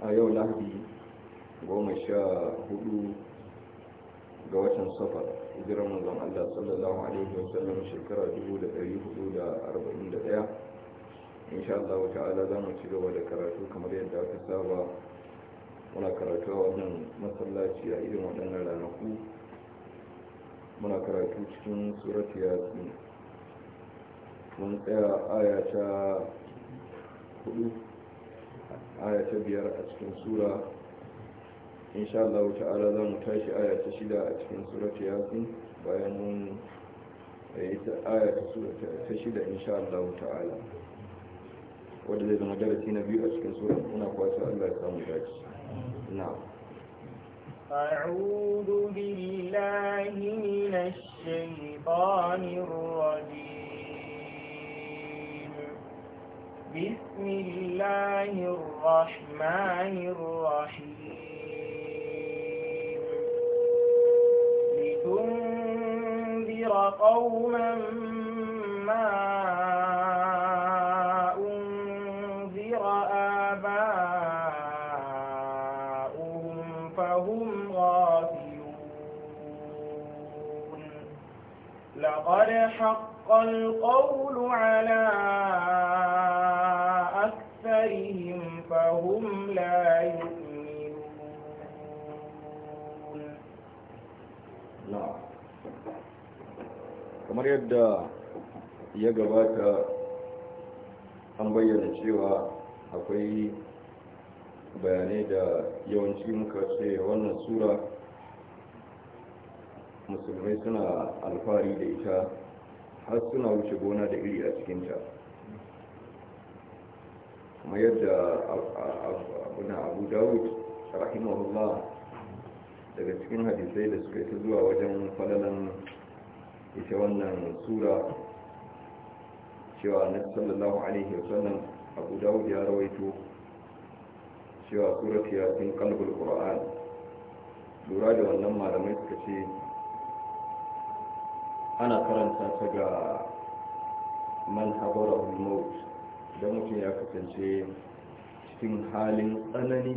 a yau lahadi goma sha hudu ga watan safar jiran manzan Allah sallallahu alaihi wasallam shekara 1441 insha Allah ta'ala za mu ci gaba da karatu kamar yadda aka saba muna karatu a wannan masallaci a irin waɗannan ranaku muna karatu cikin surat yasin mun tsaya aya ta hudu aya ta biyar a cikin sura insha Allah ta'ala za mu tashi aya ta shida a cikin surat yasin bayan mun yi aya ta sura ta shida insha Allah ta'ala wanda zai zama darasi na biyu a cikin sura muna kwasa Allah ya samu dace na أعوذ بالله من الشيطان الرجيم بسم الله الرحمن الرحيم لتنذر قوما ما أنذر آباؤهم فهم غافلون لقد حق القول على فهم لا يؤمنون نعم kamar yadda ya gabata an bayyana cewa akwai bayanai da yawanci muka ce wannan sura musulmai suna alfahari da ita har suna wuce gona da iri a cikinta kuma yadda abuna abu dawud rahimahullah daga cikin hadisai da suka ta zuwa wajen falalan ita wannan sura cewa na sallallahu alaihi wasallam abu dawud ya rawaito cewa surat sun kalbul qur'an lura da wannan malamai suka ce ana karanta ta ga man habara ulmaut idan mutum ya kasance cikin halin tsanani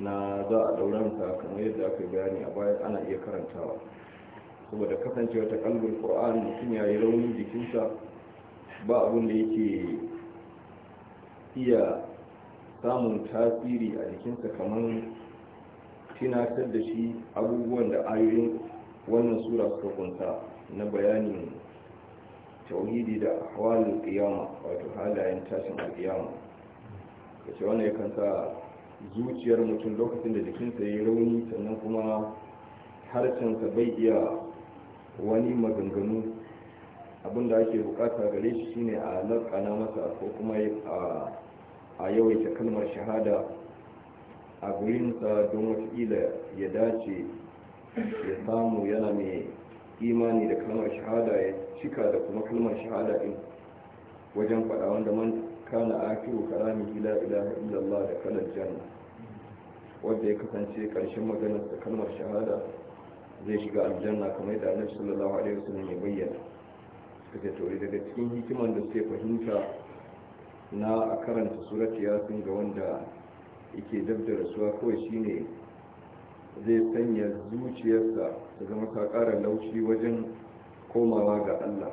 na za a dauransa kamar yadda aka gani a bayan ana iya karantawa saboda kasance wata kalbin ƙwa'an mutum ya yi raunin jikinsa ba abin da yake iya samun tasiri a jikinsa kamar tunatar da shi abubuwan da ayoyin wannan sura suka na bayanin tauhidi da ahwalul qiyama wato halayen tashin alqiyama kace wannan yakan sa zuciyar mutum lokacin da jikinsa yayi rauni sannan kuma harshensa bai iya wani maganganu abinda ake bukata gare shi shine a lakana masa ko kuma a yawaita kalmar shahada a gurinsa don watakila ya dace ya samu yana mai imani da kalmar shahada ya cika da kuma kalmar shahada din wajen faɗa wanda man kana akiru kalami la ilaha illallah da kalar janna wanda ya kasance ƙarshen maganar da kalmar shahada zai shiga aljanna kamar da annabi sallallahu alaihi wasallam ya bayyana suka ce daga cikin hikiman da suke fahimta na a karanta surat yasin ga wanda yake dab da rasuwa kawai shine zai sanya zuciyarsa ta zama ta ƙara laushi wajen komawa ga Allah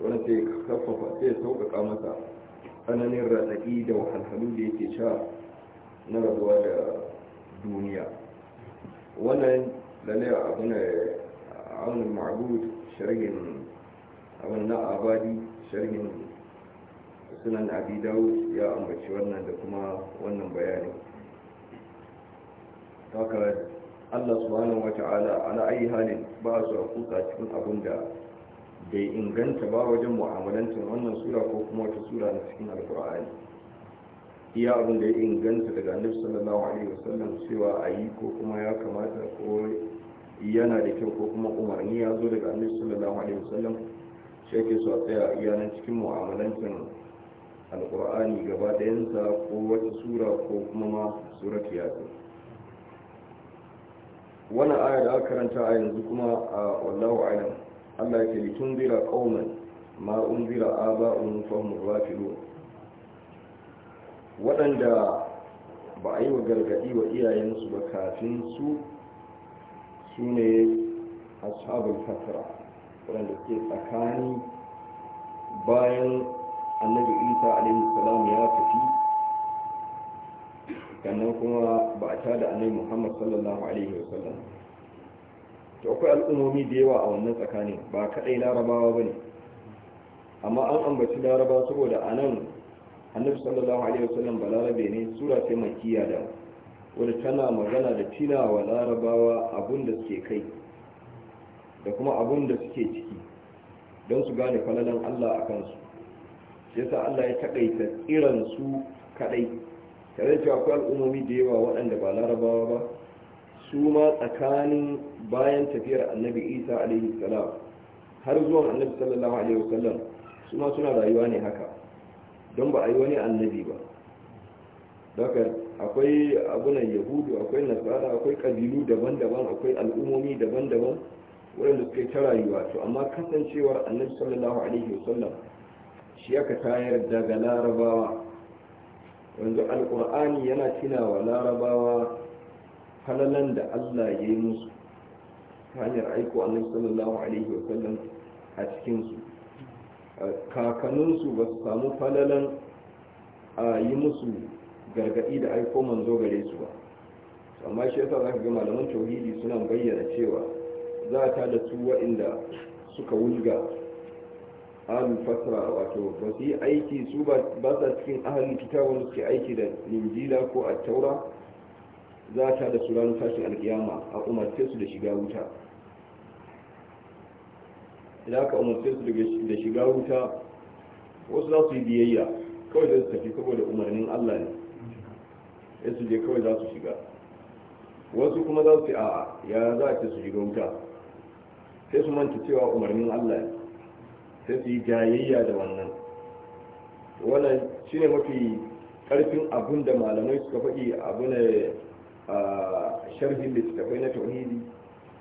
wani sai kafafa sai ya sauƙaƙa masa tsananin raɗaɗi da wahalhalu da yake sha na rabuwa da duniya wannan lalle abu ne aunin ma'abud shirgin abin na abadi sharhin sunan abi ya ambaci wannan da kuma wannan bayanin haka Allah subhanahu wata'ala ala ayi halin ba su kuka cikin abin da bai inganta ba wajen mu'amalancin wannan sura ko kuma wata sura na cikin alkur'ani iya abin da ya inganta daga annabi sallallahu alaihi wasallam cewa ayi ko kuma ya kamata ko yana da kyau ko kuma umarni ya zo daga annabi sallallahu alaihi wasallam shi yake so a tsaya iya nan cikin mu'amalancin alkur'ani gaba ɗayansa ko wata sura ko kuma ma surat yasin wannan aya da aka karanta a yanzu kuma a wallahu alam Allah yake litunzira qauman ma unzira aba'un fahum ghafilun waɗanda ba a yi wa gargaɗi wa iyayensu ba kafin su su ne ashabul fatara waɗanda ke tsakani bayan annabi isa alaihi salam ya tafi sannan kuma ba a tada annabi Muhammad sallallahu alaihi wasallam to akwai al'ummomi da yawa a wannan tsakanin ba kadai larabawa bane amma an ambaci larabawa saboda anan annabi sallallahu alaihi wasallam ba larabe ne sura ta makiya da wadda tana magana da tina wa larabawa abun da suke kai da kuma abun da suke ciki don su gane falalan Allah a kansu yasa Allah ya takaita irin su kadai tare cewa akwai al'ummomi da yawa waɗanda ba larabawa ba su ma tsakanin bayan tafiyar annabi isa alaihi salam har zuwa annabi sallallahu alaihi wasallam su ma suna rayuwa ne haka don ba a yi wani annabi ba daga akwai abunan yahudu akwai nasara akwai kabilu daban-daban akwai al'ummomi daban-daban waɗanda suka yi ta rayuwa to amma kasancewar annabi sallallahu alaihi wasallam shi aka tayar daga larabawa yanzu alkur'ani yana wa larabawa falalan da allah ya yi musu ta hanyar aiko annabi sallallahu alaihi wa sallam a cikinsu kakanninsu ba su samu falalan a yi musu gargaɗi da aiko manzo gare su ba amma shi yasa za ka ga malaman tauhidi suna bayyana cewa za ta da su waɗanda suka wulga fasara a wato ba su yi aiki su ba sa cikin ahalin kitab wanda suke aiki da linjila ko a taura za ta da su tashin alkiyama a umarce su da shiga wuta da aka umarce su da shiga wuta wasu za su yi biyayya kawai da su tafi saboda umarnin allah ne ya su je kawai za su shiga wasu kuma za su yi a ya za a ce su shiga wuta sai su manta cewa umarnin allah ne sai su yi jayayya da wannan wannan shi ne mafi karfin abun da malamai suka faɗi abu ne sharhin littattafai na tauhidi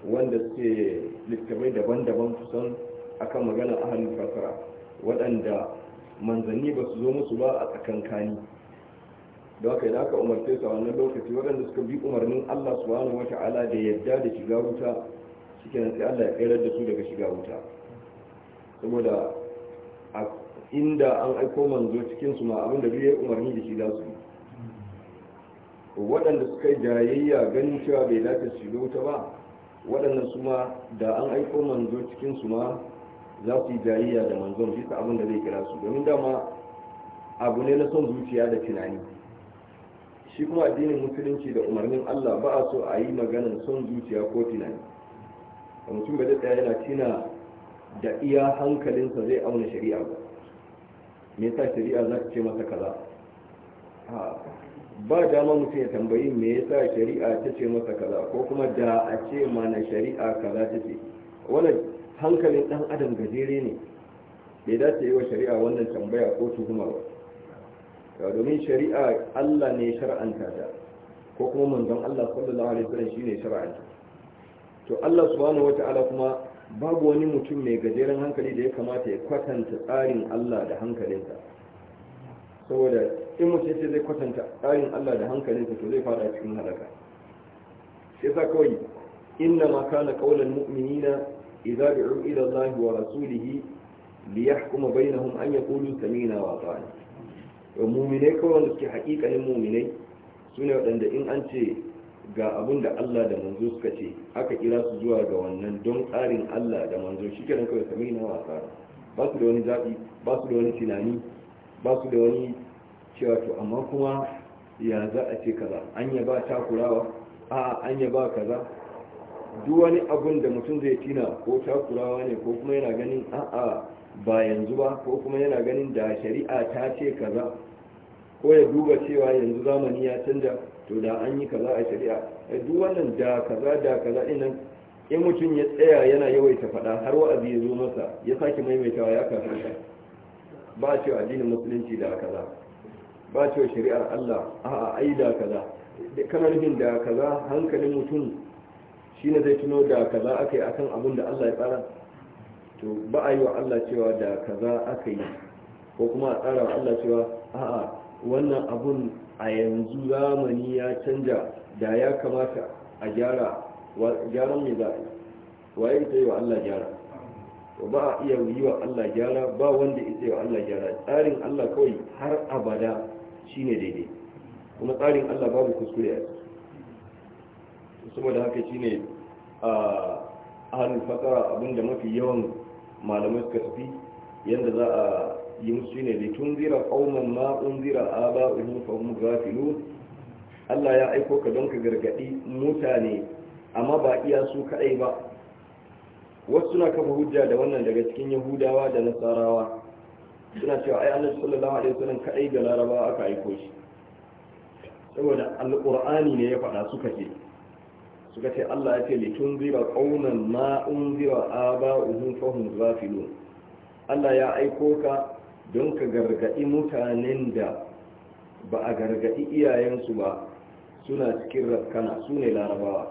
wanda suke littattafai daban-daban kusan akan maganar ahalin fasara waɗanda manzanni ba su zo musu ba a tsakankani da haka idan aka umarce su a wannan lokaci waɗanda suka bi umarnin allah subhanahu wata'ala da yadda da shiga wuta cikin nan sai allah ya tsayar da su daga shiga wuta saboda inda an aiko manzo cikin su ma abinda biye umarni da shi za su yi waɗanda suka yi jayayya ganin cewa bai dace su shiga wuta ba waɗannan su ma da an aiko manzo cikin su ma za su yi jayayya da manzon shi abin da zai kira su domin dama abu ne na son zuciya da tunani shi kuma addinin musulunci da umarnin Allah ba a so a yi maganar son zuciya ko tunani mutum ba da tsaya yana tina da iya hankalinsa zai auna shari'a ba me yasa shari'a za ta ce masa kaza ba dama mutum ya tambayi me yasa shari'a ta ce masa kaza ko kuma da a ce mana shari'a kaza ta ce wannan hankalin dan adam gajere ne bai dace yi wa shari'a wannan tambaya ko tuhuma ba domin shari'a Allah ne shar'anta ta ko kuma manzon Allah sallallahu alaihi wasallam shine shar'anta to Allah subhanahu wataala kuma babu wani mutum mai gajeren hankali da ya kamata ya kwatanta tsarin Allah da hankalinsa saboda in mutum ya ce zai kwatanta tsarin Allah da hankalinsa to zai fada cikin halaka sai sa kawai inna ma kana qaulan mu'minina idza du'u ila Allah wa rasulihi liyahkuma bainahum an yaqulu sami'na wa ata'na mu'minai kawai wanda suke hakikanin mu'minai sune waɗanda in an ce ga abin da Allah da manzo suka ce aka kira su zuwa ga wannan don tsarin Allah da manzo shi kenan kawai sami na wasa ba su da wani zaɓi ba su da wani tunani ba su da wani cewa to amma kuma ya za a ce kaza an ya ba takurawa a an ya ba kaza duk wani abun da mutum zai tina ko takurawa ne ko kuma yana ganin a'a ba yanzu ba ko kuma yana ganin da shari'a ta ce kaza ko ya duba cewa yanzu zamani ya canja to da an yi kaza a shari'a a duk wannan da kaza da kaza din nan in mutum ya tsaya yana yawaita faɗa har wa'azi ya zo masa ya sake maimaitawa ya kafirta ba a cewa addinin musulunci da kaza ba a cewa shari'ar Allah a'a ai da kaza kana nufin da kaza hankalin mutum shine zai tuno da kaza akai akan abin da Allah ya tsara to ba a yi wa Allah cewa da kaza akai ko kuma a tsara wa Allah cewa a'a wannan abun a yanzu zamani ya canja da ya kamata a gyara gyaran mai za a yi waye yi wa Allah gyara ba a iya yi wa Allah gyara ba wanda ita yi Allah gyara tsarin Allah kawai har abada shine daidai kuma tsarin Allah babu kuskure a saboda haka shine a halin fatara abinda mafi yawan malamai suka tafi yadda za a Yin ne zira لتنذر قوما ما أنذر آباؤهم فهم غافلون Allah ya aiko ka don ka gargaɗi mutane amma ba iya su kaɗai ba wasu suna kafa hujja da wannan daga cikin yahudawa da nasarawa suna cewa ai annabi sallallahu alaihi wasallam kaɗai da larabawa aka aiko shi saboda alqur'ani ne ya faɗa suka ce suka ce Allah ya ce li tunzira qauman ma unzira aba'uhum fahum ghafilun Allah ya aiko ka don ka gargaɗi mutanen da ba a gargaɗi iyayensu ba suna cikin rafkana su ne larabawa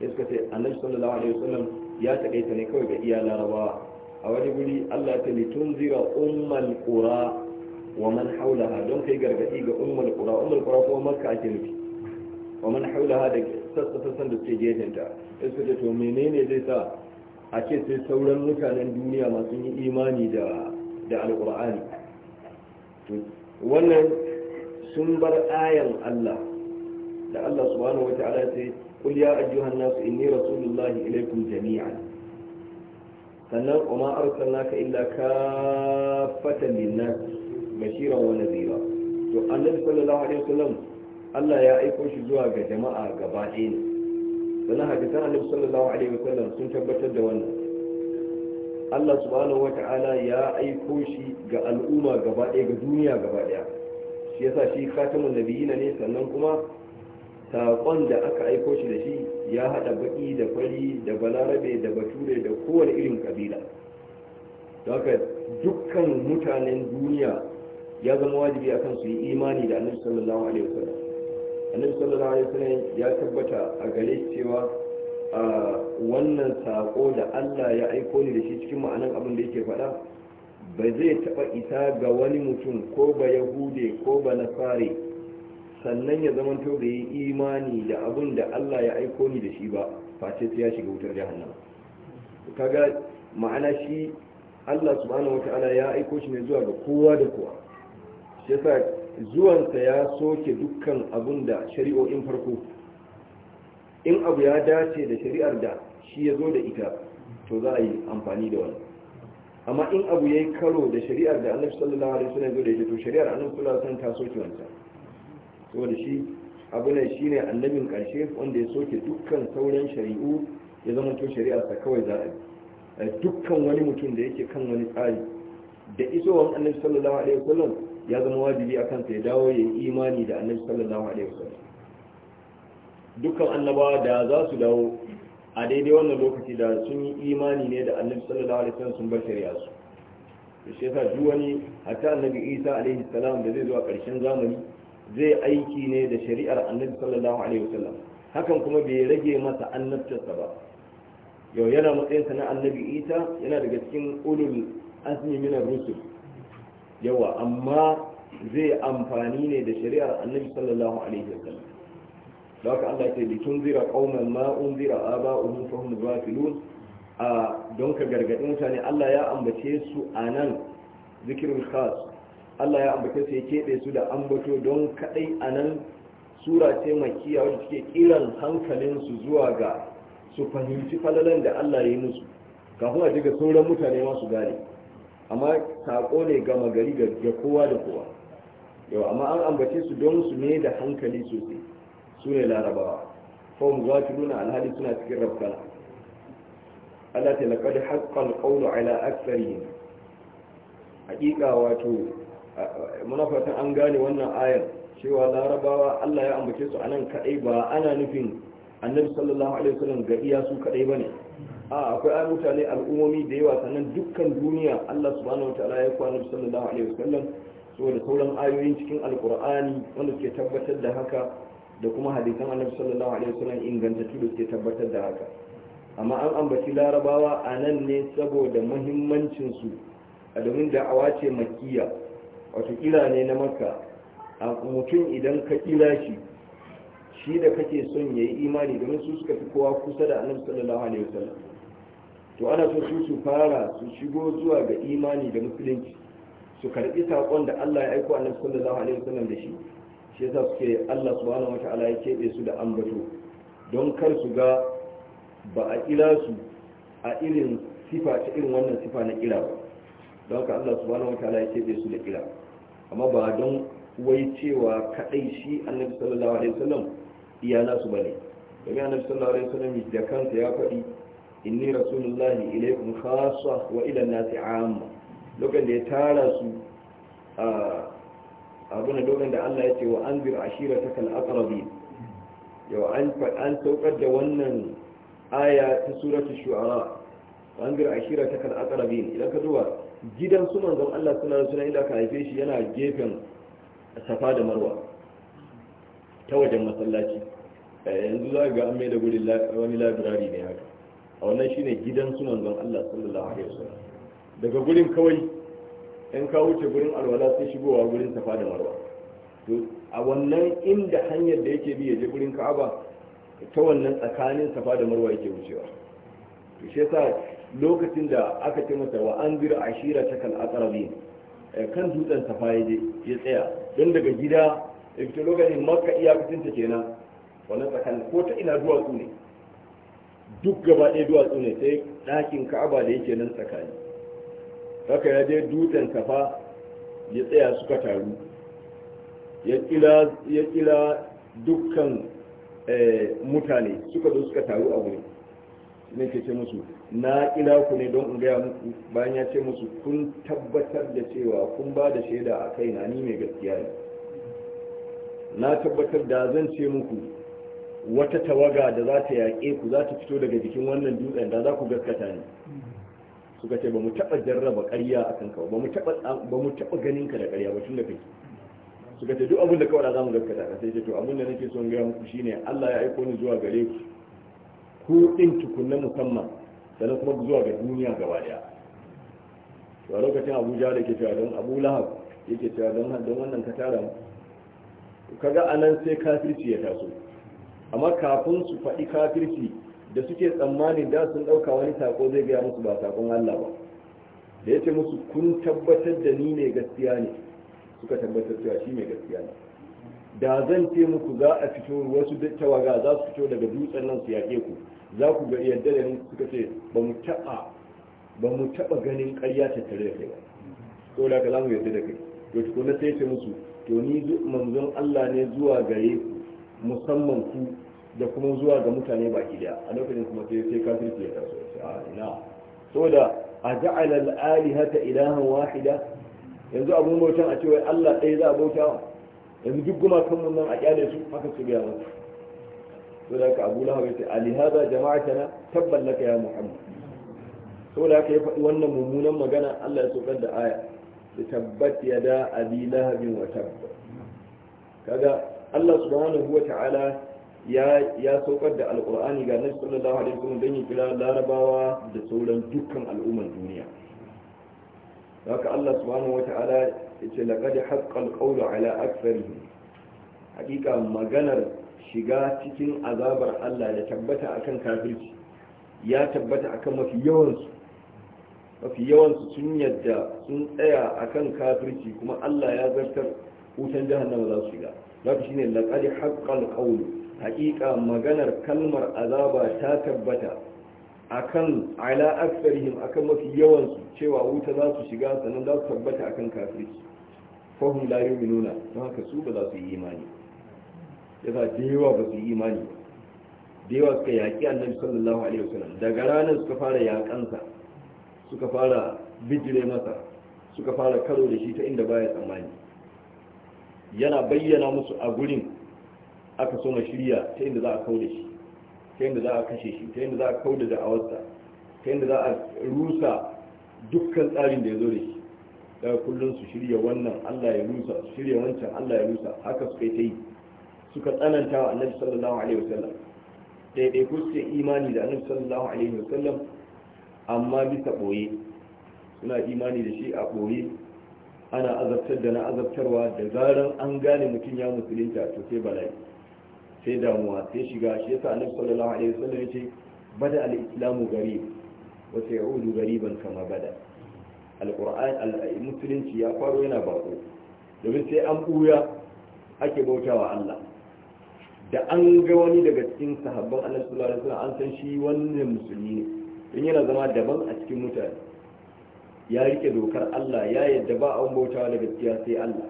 ya suka ce annabi sallallahu alaihi wasallam ya taƙaita ne kawai ga iya larabawa a wani guri allah ya tali tun zira ummal qura wa man haulaha don kai gargaɗi ga ummal qura ummal qura kuma makka ake nufi wa man haulaha da sassa sassan da suke gefenta ya suka ce to menene zai sa a ce sai sauran mutanen duniya masu yi imani da da alkur'ani wannan sun bar ayan Allah da Allah subhanahu wata'ala ce kul ya ayyuhan nas inni rasulullahi ilaykum jami'an sannan kuma naka illa kaffatan linnas bashiran wani zira to annabi sallallahu alaihi wasallam Allah ya aiko shi zuwa ga jama'a gaba ɗaya ne sannan hadisan annabi sallallahu alaihi wasallam sun tabbatar da wannan Allah subhanahu wa ta'ala ya aiko shi ga al'umma gaba ɗaya ga duniya gaba ɗaya shi yasa shi khatamun nabiyina ne sannan kuma saƙon da aka aiko shi da shi ya haɗa baƙi da fari da balarabe da bature da kowane irin kabila haka dukkan mutanen duniya ya zama wajibi akan su yi imani da annabi sallallahu alaihi wasallam annabi sallallahu alaihi wasallam ya tabbata a gare cewa a wannan sako da Allah ya aiko ni da shi cikin ma'anan abin da yake faɗa ba zai taɓa isa ga wani mutum ko ba yahude ko ba na fare sannan ya to da yi imani da abin da Allah ya aiko ni da shi ba face sai ya shiga wutar jahannama kaga ma'ana shi Allah subhanahu ala ya aiko shi ne zuwa ga kowa da kowa shi yasa zuwansa ya soke dukkan abin da shari'o'in farko in abu ya dace da shari'ar da shi ya zo da ita to za a yi amfani da wani amma in abu ya yi karo da shari'ar da annabi sallallahu alaihi wasallam zo da ita to shari'ar annabi sallallahu alaihi wasallam ta soke wanta saboda shi abu ne shine annabin karshe wanda ya soke dukkan sauran shari'u ya zama to shari'ar sa kawai za a yi dukkan wani mutum da yake kan wani tsari da isowar annabi sallallahu alaihi wasallam ya zama wajibi akan sa ya dawo ya yi imani da annabi sallallahu alaihi wasallam dukkan annabawa da za su dawo a daidai wannan lokaci da sun yi imani ne da annabi sallallahu alaihi wasallam sun bar shari'a su da shi yasa duk wani hatta annabi Isa alaihi salam da zai zo a ƙarshen zamani zai aiki ne da shari'ar annabi sallallahu alaihi wasallam hakan kuma bai rage masa annabtarsa ba yau yana matsayinsa na annabi Isa yana daga cikin ulul azmi min ar-rusul yawa amma zai amfani ne da shari'ar annabi sallallahu alaihi wasallam da haka Allah ce likin zira qauman ma unzira aba'uhum zuwa ghafilun a don ka gargadin mutane Allah ya ambace su a nan zikirin khas Allah ya ambace su ya keɓe su da ambato don kadai anan sura ce makiya wacce take kiran hankalin su zuwa ga su fahimci falalan da Allah ya yi musu kafin a daga sauran mutane masu su gane amma sako ne ga magari ga kowa da kowa yau amma an ambace su don su ne da hankali sosai su ne larabawa fahim nuna alhali suna cikin rafkana Allah ta laƙar haƙƙal ƙaunu ila aksari haƙiƙa wato munafatan an gane wannan ayar cewa larabawa Allah ya ambace su a nan kaɗai ba ana nufin annabi sallallahu alaihi wasallam ga iya su kaɗai ba ne a akwai ayyukan mutane al'ummomi da yawa sannan dukkan duniya Allah subhanahu wataala ya kwa annabi sallallahu alaihi wasallam saboda sauran ayoyin cikin alqur'ani wanda suke tabbatar da haka da kuma hadisan annabi sallallahu alaihi wasallam inganta da suke tabbatar da haka amma an ambaci larabawa a nan ne saboda muhimmancin su a domin da'awa ce makiya wato kila ne na makka a mutum idan ka kila shi shi da kake son yayi imani domin su suka fi kowa kusa da annabi sallallahu alaihi wasallam to ana so su su fara su shigo zuwa ga imani da musulunci su karbi sakon da Allah ya aiko annabi sallallahu alaihi wasallam da shi shi yasa suke Allah subhanahu wata'ala ya keɓe su da ambato don kar su ga ba a kira su a irin sifa ta irin wannan sifa na kira ba don ka Allah subhanahu wata'ala ya keɓe su da kira amma ba don wai cewa kadai shi annabi sallallahu alaihi wasallam iya su bane domin annabi sallallahu alaihi wasallam da kansa ya faɗi inni rasulullahi ilaikum khassa wa ila nasi amma lokacin da ya tara su a ah, abuna domin da Allah ya ce wa anzir ashirataka al-aqrabin yau an saukar da wannan aya ta suratul shu'ara wa anzir ashirataka al-aqrabin idan ka duba gidan su manzon Allah suna suna inda ka haife shi yana gefen safa da marwa ta wajen masallaci eh, yanzu za ga an mai da gudun wani labirari ne haka a wannan shine gidan su manzon Allah sallallahu alaihi wasallam daga gurin kawai in ka wuce gurin alwala sai shigowa gurin safa da marwa to a wannan inda hanyar da yake bi ya je gurin ka'aba ta wannan tsakanin safa da marwa yake wucewa to shi yasa lokacin da aka ce masa wa an zira ashira ta kal aqrabin eh, kan dutsen safa ya je ya tsaya don daga gida ita lokacin makka iyakacin ta kenan wannan tsakanin ko ta ina duwatsu ne duk gaba ɗaya duwatsu ne sai ɗakin ka'aba da yake nan tsakani haka ya je dutsen kafa ya tsaya suka taru ya kila dukkan eh, mutane suka zo suka taru a wuri ne ke ce musu na kila ku ne don in gaya muku bayan ya ce musu kun tabbatar da cewa kun ba da shaida a kai na ni mai gaskiya ne na tabbatar da zan ce muku wata tawaga da za ta yaƙe ku za ta fito daga jikin wannan dutsen da za ku gaskata ne suka ce ba mu taɓa jarraba ƙarya a kanka ba mu taɓa ganin ka da ƙarya ba tun da kai suka ce duk abin da kawai za mu gaskata ka sai ce to abin da nake son gaya muku shine Allah ya aiko ni zuwa gare ku ku din tukunna musamman sannan kuma zuwa ga duniya gaba daya to a lokacin Abuja da ke cewa don Abu Lahab yake cewa don don wannan ka tara mu kaga anan sai kafirci ya taso amma kafin su faɗi kafirci da suke tsammani da sun ɗauka wani sako zai gaya musu ba sakon Allah ba da ya ce musu kun tabbatar da ni ne gaskiya ne suka tabbatar cewa shi ne gaskiya ne da zan ce muku za a fito wasu tawaga za su fito daga dutsen nan su yaƙe ku za ku ga yadda da suka ce ba mu taɓa ba mu taɓa ganin ƙarya ta tare da kai ba to da ka za mu yadda da kai to na sai ce musu to ni manzon Allah ne zuwa gare ku musamman ku da kuma zuwa ga mutane baki daya a lokacin kuma sai sai kafirci ya taso a ah, ina saboda a ja'ala al-alihata ilahan wahida yanzu abun bautan a cewa Allah ɗaya za a bauta yanzu duk gumakan mun nan a kyale su haka su biya musu saboda haka Abu Lahab ya ce alihada jama'atana tabban laka ya Muhammad saboda haka ya faɗi wannan mummunan magana Allah ya sokar da aya da tabbat ya da abi lahabin wa tabbat kaga Allah subhanahu wa ta'ala ya saukar da alkur'ani ga nabi sallallahu alaihi wasallam don ya kira larabawa da sauran dukkan al'umman duniya haka Allah subhanahu wata'ala yace laqad haqqal qawlu ala aktharihim hakika maganar shiga cikin azabar Allah da tabbata akan kafirci ya tabbata akan mafi yawansu mafi sun yadda sun tsaya akan kafirci kuma Allah ya zartar wutan jahannama za su shiga zaka shine laqad haqqal qawlu haƙiƙa maganar kalmar azaba ta tabbata akan ala aksarihim akan mafi yawansu cewa wuta za su shiga sannan za su tabbata akan kafirci fahim la yu'minuna don haka su ba za su yi imani yasa da ba su yi imani da yawa suka yaƙi annabi sallallahu alaihi wasallam daga ranar suka fara yaƙansa suka fara bijire masa suka fara karo da shi ta inda baya tsammani yana bayyana musu a gurin aka so na shirya ta inda za a kauda shi ta inda za a kashe shi ta inda za a kauda da'awarsa ta inda za a rusa dukkan tsarin da ya zo da shi daga kullum su shirya wannan Allah ya rusa su shirya wancan Allah ya rusa haka suka yi ta yi suka tsananta wa annabi sallallahu alaihi wasallam daidai ku suke imani da annabi sallallahu alaihi wasallam amma bisa boye suna imani da shi a boye ana azabtar da na azabtarwa da zaran an gane mutum ya musulunta to sai bala'i sai damuwa sai shiga shi yasa annabi sallallahu alaihi wasallam yace bada al-islamu garib wa sayudu gariban kama bada al-qur'an al-musulunci ya faro yana bako domin sai an buya ake bautawa Allah da an ga wani daga cikin sahabban annabi sallallahu alaihi wasallam an san shi wannan musulmi ne in yana zama daban a cikin mutane ya rike dokar Allah ya yadda ba an bautawa da gaskiya sai Allah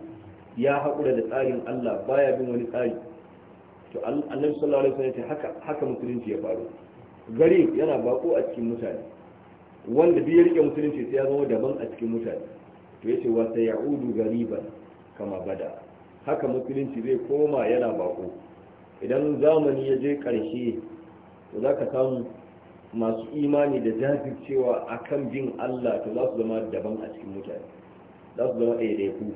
ya haƙura da tsarin Allah baya bin wani tsari to annabi sallallahu alaihi wasallam ya haka haka musulunci ya faru gari yana bako a cikin mutane wanda bi ya rike musulunci sai ya zama daban a cikin mutane to yace wa sai ya'udu gariban kama bada haka musulunci zai koma yana bako idan zamani ya je karshe to zaka samu masu imani da jajircewa akan bin Allah to za su zama daban a cikin mutane za su zama ɗaiɗaiku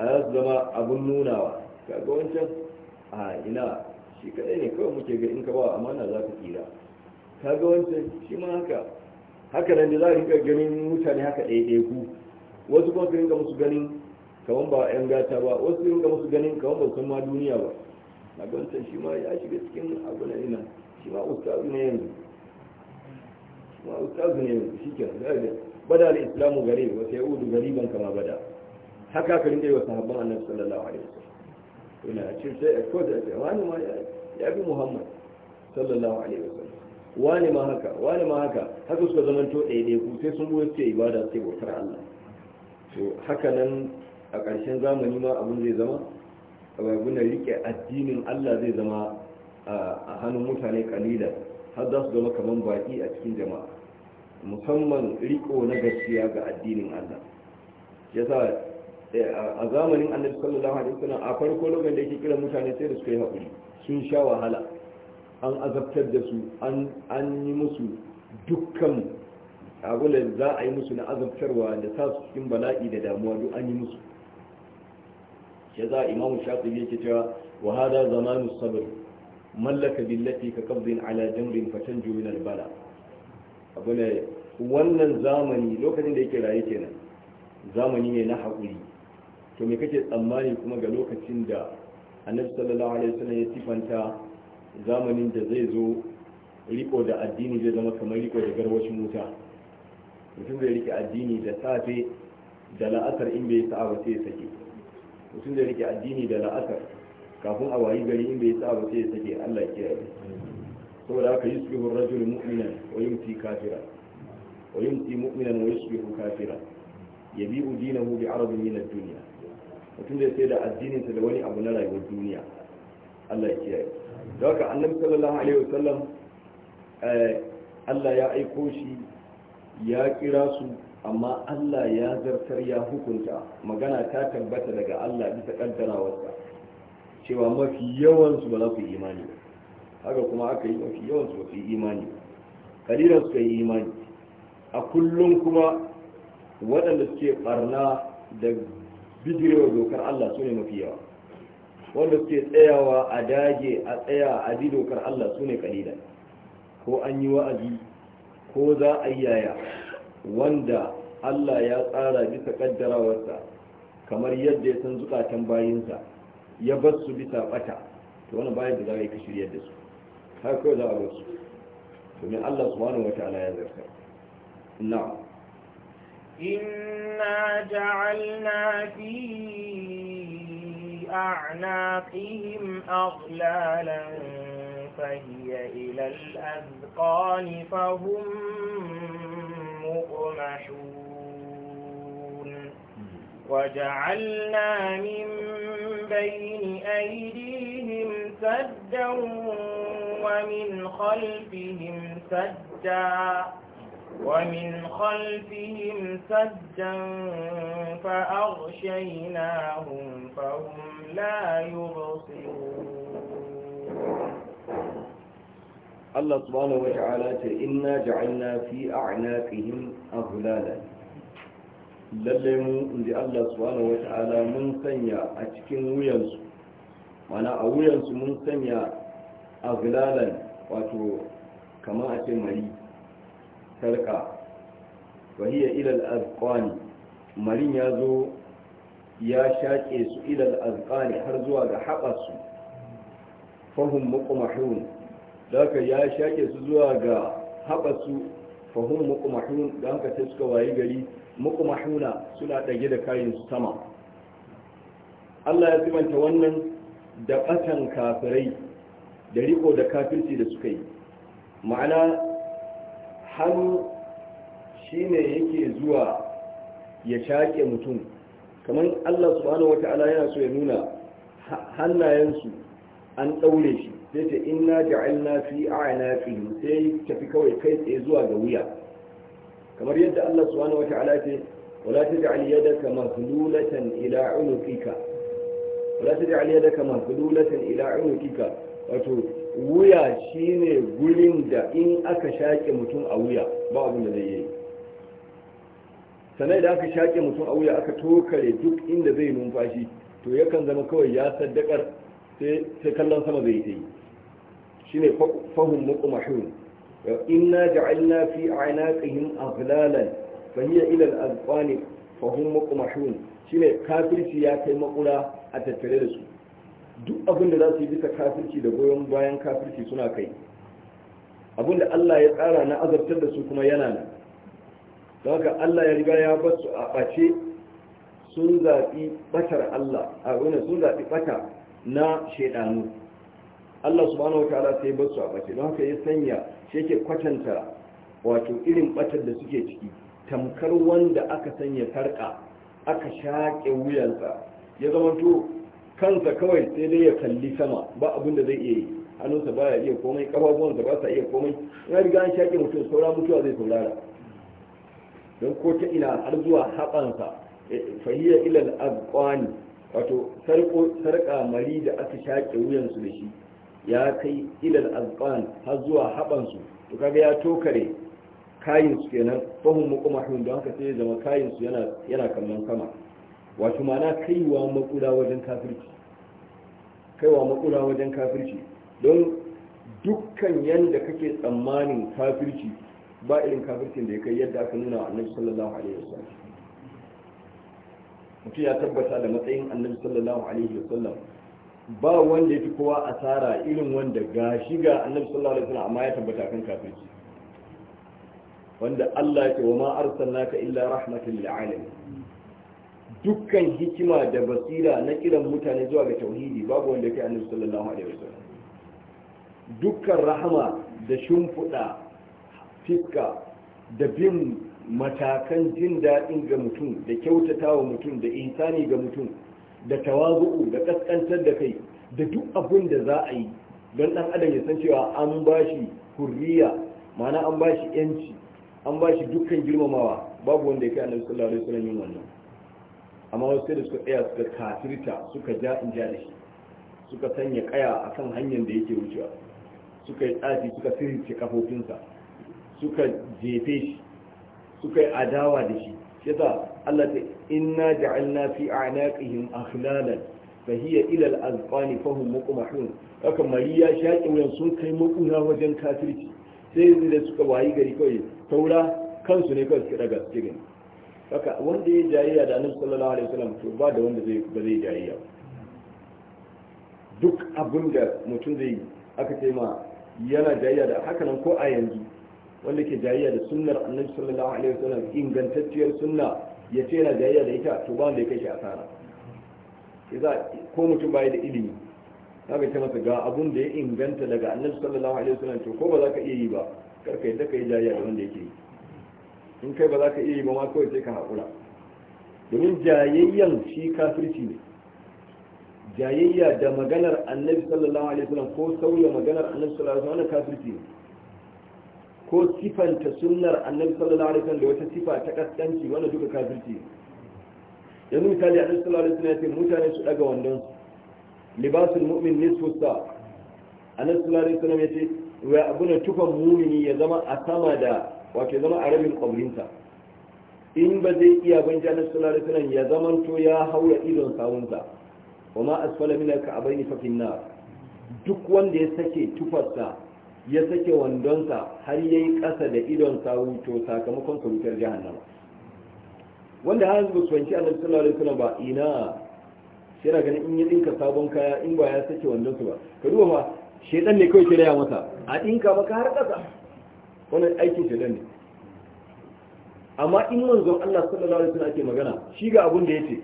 a za su zama abun nunawa ga wancan a ina shi kadai ne kawai muke ga in ka ba amana za ka tsira ka ga wancan shi ma haka haka nan da za a rika ganin mutane haka ɗaya ku wasu kuma su rinka musu ganin kamar ba yan gata ba wasu rinka musu ganin kamar ba san ma duniya ba na ga wancan shi ma ya shiga cikin abu na ina shi ma ustazu ne yanzu shi ma ustazu ne yanzu shi ke nan bada al-islamu gare wasu yahudu gariban kama bada haka ka rinka yi wa sahabban annabi sallallahu alaihi wasallam ina ce sai ko da ce wani ma ya bi muhammad sallallahu alaihi wasallam wani ma haka wani ma haka haka suka zama to dai ku sai sun ruwa ibada suke bautar allah to haka nan a ƙarshen zamani ma abun zai zama abin da riƙe addinin allah zai zama a hannun mutane kalila har za su zama kamar baƙi a cikin jama'a musamman riko na gaskiya ga addinin allah yasa Eh, a zamanin annabi sallallahu alaihi wasallam a farko lokacin da yake kira mutane sai da suka yi haƙuri sun sha wahala an azabtar da su an yi musu dukkan abin da za a yi musu na azabtarwa da sa su cikin bala'i da damuwa duk an yi musu ya za imamu shafi yake cewa wa hada zamanu sabr mallaka billati ka qabdin ala jamrin tanju min bala abin wannan zamani lokacin da yake raye kenan zamani ne na hakuri. to me kake tsammani kuma ga lokacin da annabi sallallahu alaihi wasallam ya sifanta zamanin da zai zo riko da addini zai zama kamar riko da garwashin wuta mutum zai rike addini da safe da la'asar in bai sa'a ba sai ya sake mutum zai rike addini da la'asar kafin a wayi gari in bai sa'a ba sai ya sake Allah ya kiyaye saboda haka yusbihu ar-rajulu mu'minan wa yumti kafira wa yumti mu'minan wa yusbihu kafira yabi'u dinahu bi 'arabin min ad-dunya mutum zai sai da addininsa da wani abu na rayuwar duniya Allah ya kiyaye da haka annabi sallallahu alaihi wasallam eh, Allah ya aiko shi ya kira su amma Allah ya zartar ya hukunta magana ta tabbata daga Allah bisa kaddarawarsa cewa mafi yawansu ba za su yi imani haka kuma aka yi mafi yawansu ba su yi imani kalilan suka yi imani a kullum kuma waɗanda suke barna da bijirewa dokar Allah su ne mafi yawa wanda suke tsayawa a dage a tsaya a bi dokar Allah su ne kalilan ko an yi wa'azi ko za a yi yaya wanda Allah ya tsara bisa kaddarawarsa kamar yadda ya san zukatan bayinsa ya bar su bisa bata to wani bayan da za a yi kashi yadda su har kawai za a bar su domin Allah subhanahu ala ya zarta na'am إنا جعلنا في أعناقهم أغلالا فهي إلى الأذقان فهم مقمحون وجعلنا من بين أيديهم سدا ومن خلفهم سدا ومن خلفهم سدا فأغشيناهم فهم لا يبصرون الله سبحانه وتعالى إنا جعلنا في أعناقهم أغلالا lallai mu inda Allah subhanahu wa ta'ala mun sanya a cikin wuyansu mana a wuyansu mun sanya aglalan wato kamar a ce mari sarka wa hiya ilal azqani marin ya zo ya shaƙe su ilal azqani har zuwa ga haɓarsu fahim muqmahun daga ya shaƙe su zuwa ga haɓarsu fahim muqmahun da ka sai suka wayi gari muqmahuna suna ɗage da kayan su sama Allah ya simanta wannan da kafirai da riko da kafirci da suka yi ma'ana hannu shine yake zuwa ya shaƙe mutum kamar Allah subhanahu wata'ala yana so ya nuna hannayensu an ɗaure shi sai ta inna ja'alna fi a'naqihim sai tafi kawai kai tsaye zuwa ga wuya kamar yadda Allah subhanahu wata'ala ce wala taj'al yadaka maghlulatan ila 'unuqika wala taj'al yadaka maghlulatan ila 'unuqika wato wuya shine gurin da in aka shaƙe mutum a wuya ba abin da zai yi sannan da aka shaƙe mutum a wuya aka tokare duk inda zai numfashi to yakan zama kawai ya saddakar sai kallon sama zai ta yi shine fahim muqmahun inna ja'alna fi a'naqihim aghlalan fa hiya ila al-azqani fahum muqmahun shine kafirci ya kai makura a tattare da su duk abinda da za su yi bisa kafirci da goyon bayan kafirci suna kai abin da Allah ya tsara na azabtar da su kuma yana nan don haka Allah ya riga ya basu a ɓace sun zaɓi ɓatar Allah a wani sun zaɓi ɓata na shaidanu Allah subhanahu ta'ala sai basu a ɓace don haka ya sanya shi yake kwatanta wato irin ɓatar da suke ciki tamkar wanda aka sanya sarƙa aka shaƙe wuyansa ya zama to kansa kawai sai dai ya kalli sama ba abin da zai iya yi hannunsa baya iya komai kafafuwansa ba sa iya komai ya riga an shaƙe mutum saura mutuwa zai saurara don ko ta ina har zuwa haɓansa eh, fahiyar ilal azqani wato sarƙa mari da aka shaƙe wuyansu da shi ya kai ilal azqan har zuwa haɓansu to kaga ya tokare kayinsu kenan fahimmu kuma don haka sai ya zama kayinsu su yana kallon sama wato mana kaiwa makura wajen kafirci kaiwa makura wajen kafirci don dukkan yadda kake tsammanin kafirci ba irin kafircin da ya kai yadda aka nuna wa annabi sallallahu alaihi wasallam mutum ya tabbata da matsayin annabi sallallahu alaihi wasallam ba wanda ya fi kowa asara irin wanda gashi ga annabi sallallahu alaihi wasallam amma ya tabbata kan kafirci wanda Allah ya ce wa ma arsalnaka illa rahmatan lil alamin dukkan hikima da basira na kiran mutane zuwa ga tauhidi babu wanda kai annabi sallallahu alaihi wasallam dukkan rahama da shimfiɗa fiska da bin matakan jin daɗin ga mutum da kyautata mutum da insani ga mutum da tawazu'u da kaskantar da kai da duk abin da za a yi don ɗan adam ya san cewa an ba shi hurriya ma'ana an ba shi yanci an ba shi dukkan girmamawa babu wanda ya kai annabi sallallahu alaihi wasallam yin wannan amma wasu sai da suka tsaya suka kafirta suka ja in ja da shi suka sanya kaya a kan hanyar da yake wucewa suka yi tsafi suka sirrice kafofinsa suka jefe shi suka yi adawa da shi shi Allah ta inna ja'alna fi a'naqihim akhlalan fa hiya ila al-azqani fa hum muqmahun haka ya shaki wuyan sun kai makuna wajen kafirci sai da suka wayi gari kawai taura kansu ne kawai suka daga cikin haka wanda ya jayayya da annabi sallallahu alaihi wasallam to ba da wanda zai ba zai jayayya duk abin da mutum zai aka ce ma yana jayayya da haka nan ko a yanzu wanda ke jayayya da sunnar annabi sallallahu alaihi wasallam ingantacciyar sunna ya ce yana jayayya da ita to ba wanda ya kai shi asara idan ko mutum bai da ilimi zaka ce masa ga abun da ya inganta daga annabi sallallahu alaihi wasallam to ko ba za ka iya yi ba karka yadda ka yi jayayya da wanda yake yi in kai ba za ka iya yi ba ma kawai sai ka haƙura domin jayayyan shi kafirci ne jayayya da maganar annabi sallallahu alaihi wasallam ko sauya maganar annabi sallallahu alaihi wasallam kafirci ne ko sifanta sunnar annabi sallallahu alaihi wasallam da wata sifa ta kaskanci wanda duka kafirci ne yanzu misali annabi sallallahu alaihi wasallam ya ce mutane su daga wandon libasul mu'min nisfu sa annabi sallallahu alaihi wasallam ya ce wa abuna tufan mu'mini ya zama a sama da wato zama a rabin kwabrinta in ba zai iya ban janar suna alaihi wasallam ya zamanto ya haura idon sawunta ba ma tsala min ka kabayn fa fafin na duk wanda ya sake tufarsa ya sake wandonsa har ya yi kasa da idon sawu sakamakon sa jihar nama wanda har yanzu su wanci annabi sallallahu alaihi wasallam ba ina shi na ganin in ya dinka sabon kaya in ba ya sake wandonsa ba ka duba ma shedan ne kawai ke raya masa a dinka maka har kasa wani aikin shaidan ne amma in manzon Allah sallallahu alaihi wasallam ake magana shi ga abin da yace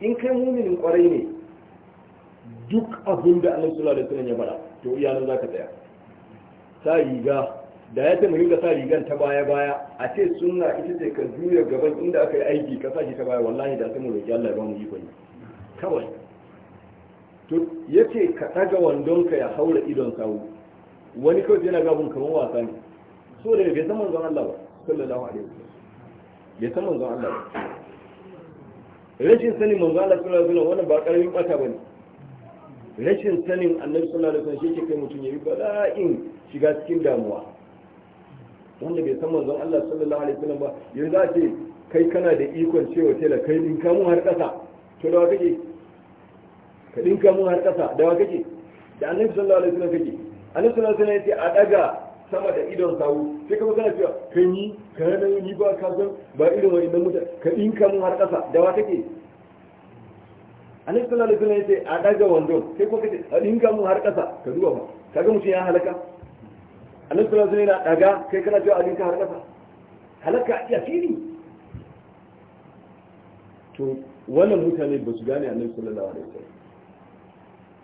in kai muminin kwarai ne duk abin da Allah sallallahu alaihi wasallam ya faɗa to iya nan zaka tsaya sa riga da ya taimaki ga sa rigan ta baya baya a ce sunna ita ce ka juya gaban inda aka yi aiki ka sa shi ta baya wallahi da sai mu roki Allah ya ba mu iko ne kawai to yace ka daga wandon ka ya haura idon sawu wani kawai yana gabun kamar wasa ne so da bai san zan Allah ba sallallahu alaihi wasallam bai san zan Allah ba rashin sanin manzon Allah sallallahu alaihi wasallam wannan ba karamin bata bane rashin sanin annabi sallallahu alaihi wasallam shi ke kai mutum yayi bala'in shiga cikin damuwa wanda bai san manzon Allah sallallahu alaihi wasallam ba yanzu a ce kai kana da ikon cewa tela kai din mun har kasa to da wa kake ka dinka mun har kasa da wa kake da annabi sallallahu alaihi wasallam kake annabi sallallahu alaihi wasallam a daga sama da idon sawu sai kuma kana cewa kan yi ka hana ni ba ka san ba irin wani dan mutane ka ka mun har ƙasa da wa take annabi sallallahu kuma yace a daga wando sai kuma kace a ka mun har ƙasa ka duba ba kaga mutum ya halaka annabi sallallahu alaihi yana daga kai kana cewa a ka har ƙasa halaka ya fili to wannan mutane ba su gane annabi sallallahu alaihi wasallam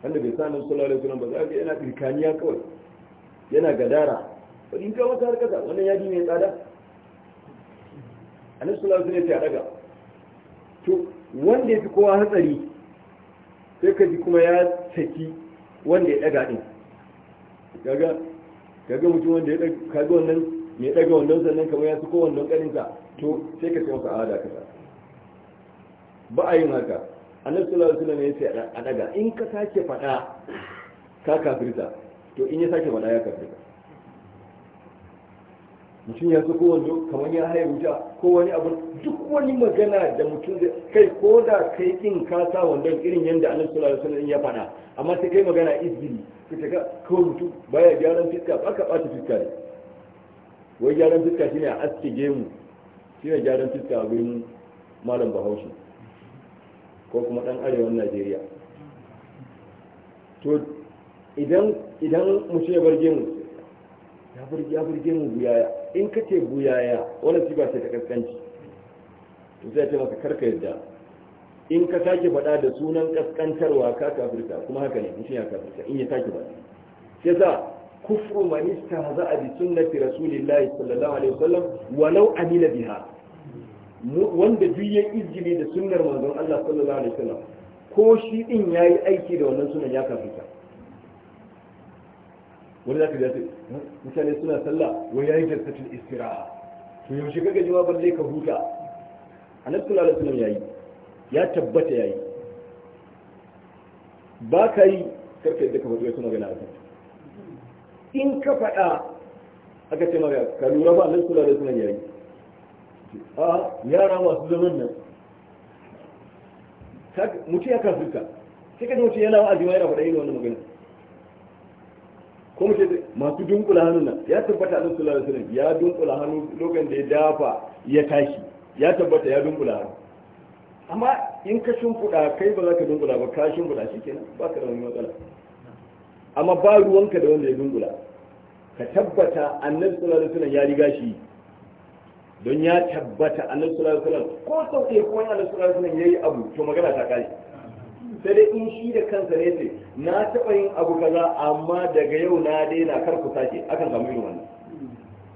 wanda bai sa nan sallallahu alaihi wasallam ba za ka yana kawai yana gadara in ka wata har kasa ya yaji mai tsada a nan alaihi wasallam ya daga to wanda ya fi kowa hatsari sai ka ji kuma ya saki wanda ya daga ɗin kaga kaga mutum wanda ya daga kaga wannan mai daga wannan sannan kamar ya fi kowa wannan ƙarinsa to sai ka ce masa ka kasa ba a yin haka a nan alaihi wasallam ya ce a daga in ka sake fada ka kafirta to in ya sake fada ya kafirta mutum ya ko wando kamar ya haihu wuta ko wani abu duk wani magana da mutum da kai ko da kai kin ka sa wandon irin yadda Allah sallallahu alaihi wasallam ya faɗa amma sai kai magana izini sai ka ko mutum baya gyaran fiska ba ka ɓata fiska ne wai gyaran fiska shine a aske gemu shine gyaran fiska a gurin malam bahaushe ko kuma ɗan na najeriya to idan idan mutum ya bar gemu ya bar gemu buyaya in ka ce buyaya wani siba sai ta kaskanci to sai ce maka karka yadda in ka sake faɗa da sunan kaskantarwa ka kafirka kuma haka ne mutum ya kafirka in ya sake faɗa sai sa kufru man istahza'a bi sunnati rasulillahi sallallahu alaihi wasallam walau amila biha wanda duk ya izgile da sunnar manzon Allah sallallahu alaihi wasallam ko shi din yayi aiki da wannan sunan ya kafirka wani za ka ce mutane suna sallah wai yi jalsatul istira'a to yaushe kaga ji ma balle ka huta annabi sallallahu alaihi wasallam yayi ya tabbata yayi ba ka yi karka yadda ka faɗi suna gana akan in ka faɗa aka ce mara ka lura ba annabi sallallahu alaihi ya yayi a yara masu zaman nan mutu ya kafirka sai ka ji mutu yana wa'azi ma yana faɗa irin wannan magana ko mu ce masu dunkula hannun nan ya tabbata annabi sallallahu sunan ya dunkula hannu lokacin da ya dafa ya tashi ya tabbata ya dunkula hannu amma in ka fuda kai ba za ka dunkula ba ka fuda shi kenan ba ka da wani matsala amma ba ruwanka da wanda ya dunkula ka tabbata annabi sallallahu da wasallam ya riga shi don ya tabbata annabi sallallahu da sunan ko sau ɗaya ko annabi da sunan ya yi abu to magana ta kare sai dai in shi da kansa ne ce na taɓa yin abu kaza amma daga yau na daina kar ku sake akan samu irin wannan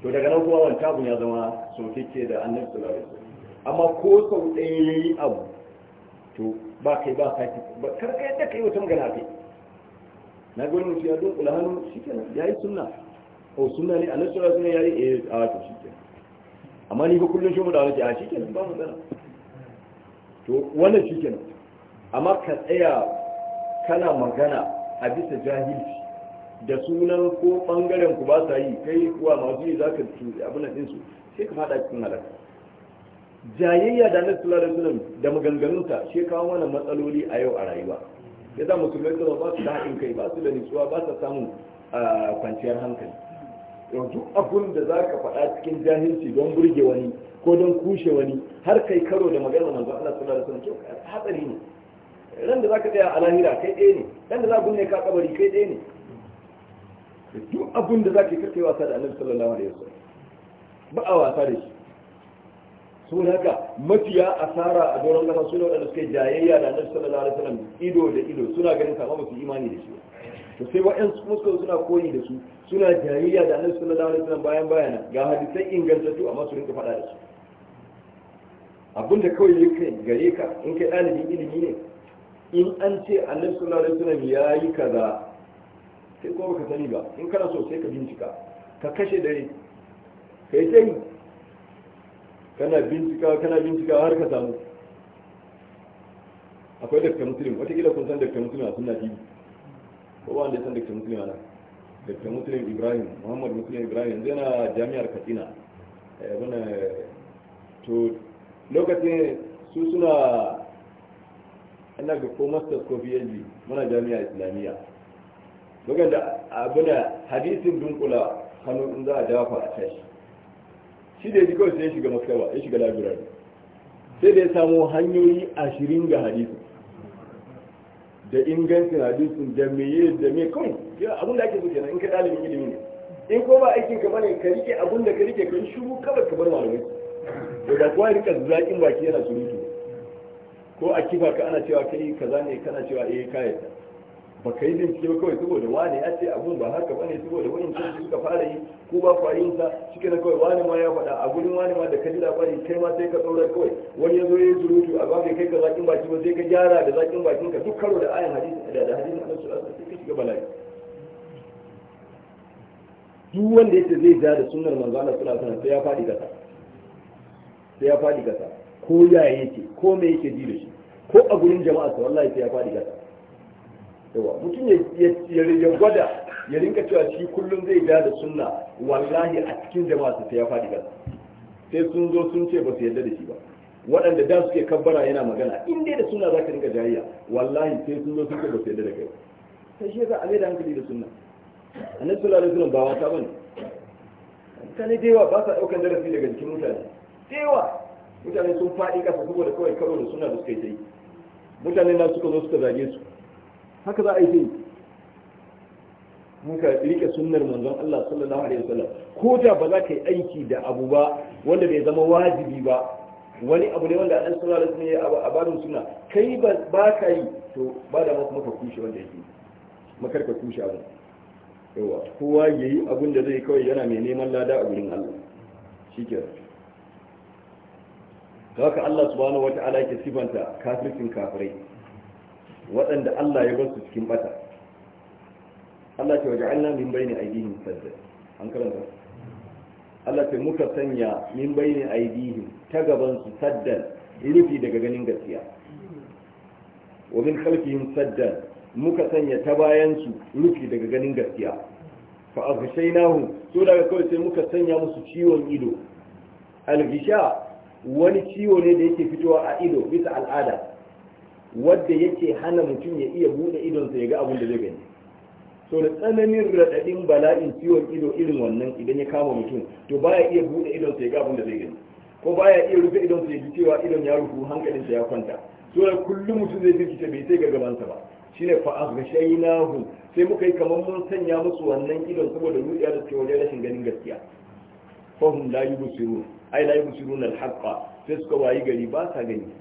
to daga nan kuma wani abun ya zama sokeke da annabi sallallahu alaihi wasallam amma ko sau ɗaya yayi abu to ba kai ba sake ba kar kai da kai wata magana kai na ga wani ya kula hannu ya yayi sunna ko oh, sunna ne annabi sallallahu alaihi wasallam yayi eh a ah, shi shikenan amma ni ba kullun shi mu da wani a ah, shikenan ba mu tsara to wannan shikenan amma ka tsaya kana magana a bisa jahilci da sunan ko bangaren ku ba sa yi kai kuwa masu yi za ka ci abin nan su sai ka fada cikin halaka jayayya da na sallallahu da sunan da maganganunta shi kawo mana matsaloli a yau a rayuwa ya za musulmai su ba su da haɗin kai ba su da nutsuwa ba su samun kwanciyar hankali yanzu abin da za ka faɗa cikin jahilci don burge wani ko don kushe wani har kai karo da maganar manzo Allah sallallahu alaihi wasallam hatsari ne ran da za ka tsaya a lahira kai ɗaya ne ran da za gunne ka kabari kai ɗaya ne duk abin da za ka yi karkai wasa da annabi sallallahu alaihi wasallam ba a wasa da shi sun haka mafiya asara a doron kasa suna waɗanda suka jayayya da annabi sallallahu alaihi wasallam ido da ido suna ganin sa ba imani da shi to sai wa'ansu muskul suna koyi da su suna jayayya da annabi sallallahu alaihi wasallam bayan bayana ga hadisai ingantattu amma su rinka faɗa da su abinda kawai yake gare ka in kai ɗalibin ilimi ne in an ce annabi sallallahu alaihi wasallam yayi kaza sai ko baka sani ba in kana so sai ka bincika ka kashe dare kai sai kana bincika kana bincika har ka samu akwai dakta muslim kila kun san dakta muslim a sunna tv ko wanda ya san dakta muslim ana dakta muslim ibrahim muhammad muslim ibrahim yanzu yana jami'ar katsina wani eh, eh, to lokacin su suna ina ga ko masters ko phd muna jami'a islamiyya bugan da da hadisin dunkula hannu in za a dafa a tashi shi da ya kawai sai ya shiga maskaba ya shiga labirari sai da ya samo hanyoyi ashirin ga hadisi da ingancin hadisin da meye da me kawai ya abin da ake so kenan in ka dalibin ilimi ne in ko ba aikin ka bane ka rike abin da ka rike kan shuru kawai ka bar malamai da kowa rika zakin baki yana surutu ko a kifa ka ana cewa kai kaza ne kana cewa eh ta ba kai yi bincike ba kawai saboda wani ya ce abun ba haka bane saboda wani sun suka fara yi ko ba ku yin sa shike na kawai wani ma ya faɗa a gurin wani ma da ka ji labari kai ma sai ka tsora kawai wani ya zo ya yi surutu a bakai kai ka zakin baki ba sai ka gyara da zakin bakin ka duk karo da ayan hadisi da da hadisi Allah sallallahu alaihi wasallam shiga bala'i duk wanda yake zai ja da sunnar manzo Allah sallallahu alaihi wasallam sai ya fadi kasa sai ya fadi kasa ko ya yake ko me yake ji da shi ko a gurin jama'a sa wallahi sai ya faɗi gasa. yawa mutum ya gwada ya rinka cewa shi kullum zai da da sunna wallahi a cikin jama'a su sai ya faɗi gasa. sai sun zo sun ce ba su yarda da shi ba waɗanda da suke kabbara yana magana in dai da sunna ka rinka jayayya wallahi sai sun zo sun ce ba su yarda da kai sai shi ya a da hankali da sunna annabi sallallahu alaihi wasallam ba wata bane ne. da yawa ba sa daukan darasi daga jikin mutane da mutane sun faɗi kasa saboda kawai karo da suna da suka yi mutane na suka zo suka zage su haka za a yi sai muka rike sunnar manzon Allah sallallahu alaihi wasallam ko da ba za ka yi aiki da abu ba wanda bai zama wajibi ba wani abu ne wanda an sallallahu alaihi wasallam ya barin suna kai ba ka yi to ba da kuma ka kushe wanda yake makar ka kushe abu yawa kowa yayi abin da zai kawai yana mai neman lada a gurin Allah shikenan da haka Allah subhanahu wata'ala yake sifanta kafircin kafirai waɗanda Allah ya bar su cikin bata Allah ce waja'alna min bayni aydihim sadda an karanta Allah ce muka sanya min bayni aydihim ta gaban su saddan rufi daga ganin gaskiya wa min khalfihim saddan muka sanya ta bayan su rufi daga ganin gaskiya fa aghshaynahu to daga kawai sai muka sanya musu ciwon ido al-ghisha wani ciwo ne da yake fitowa a ido bisa al'ada wadda yake hana mutum ya iya buɗe idonsa ya ga abin da zai gani so da tsananin raɗaɗin bala'in ciwon ido irin wannan idan ya kama mutum to baya iya buɗe idonsa ya ga abin da zai gani ko baya iya rufe idonsa ya ji cewa idon ya rufu hankalinsa ya kwanta so da kullum mutum zai firgita bai sai ga gabansa ba shine fa aghshaynahu sai muka yi kamar mun sanya musu wannan idon saboda ruɗiya da cewa rashin ganin gaskiya fahim la yubsirun ai la yubsirun al-haqqa sai suka wayi gari ba sa gani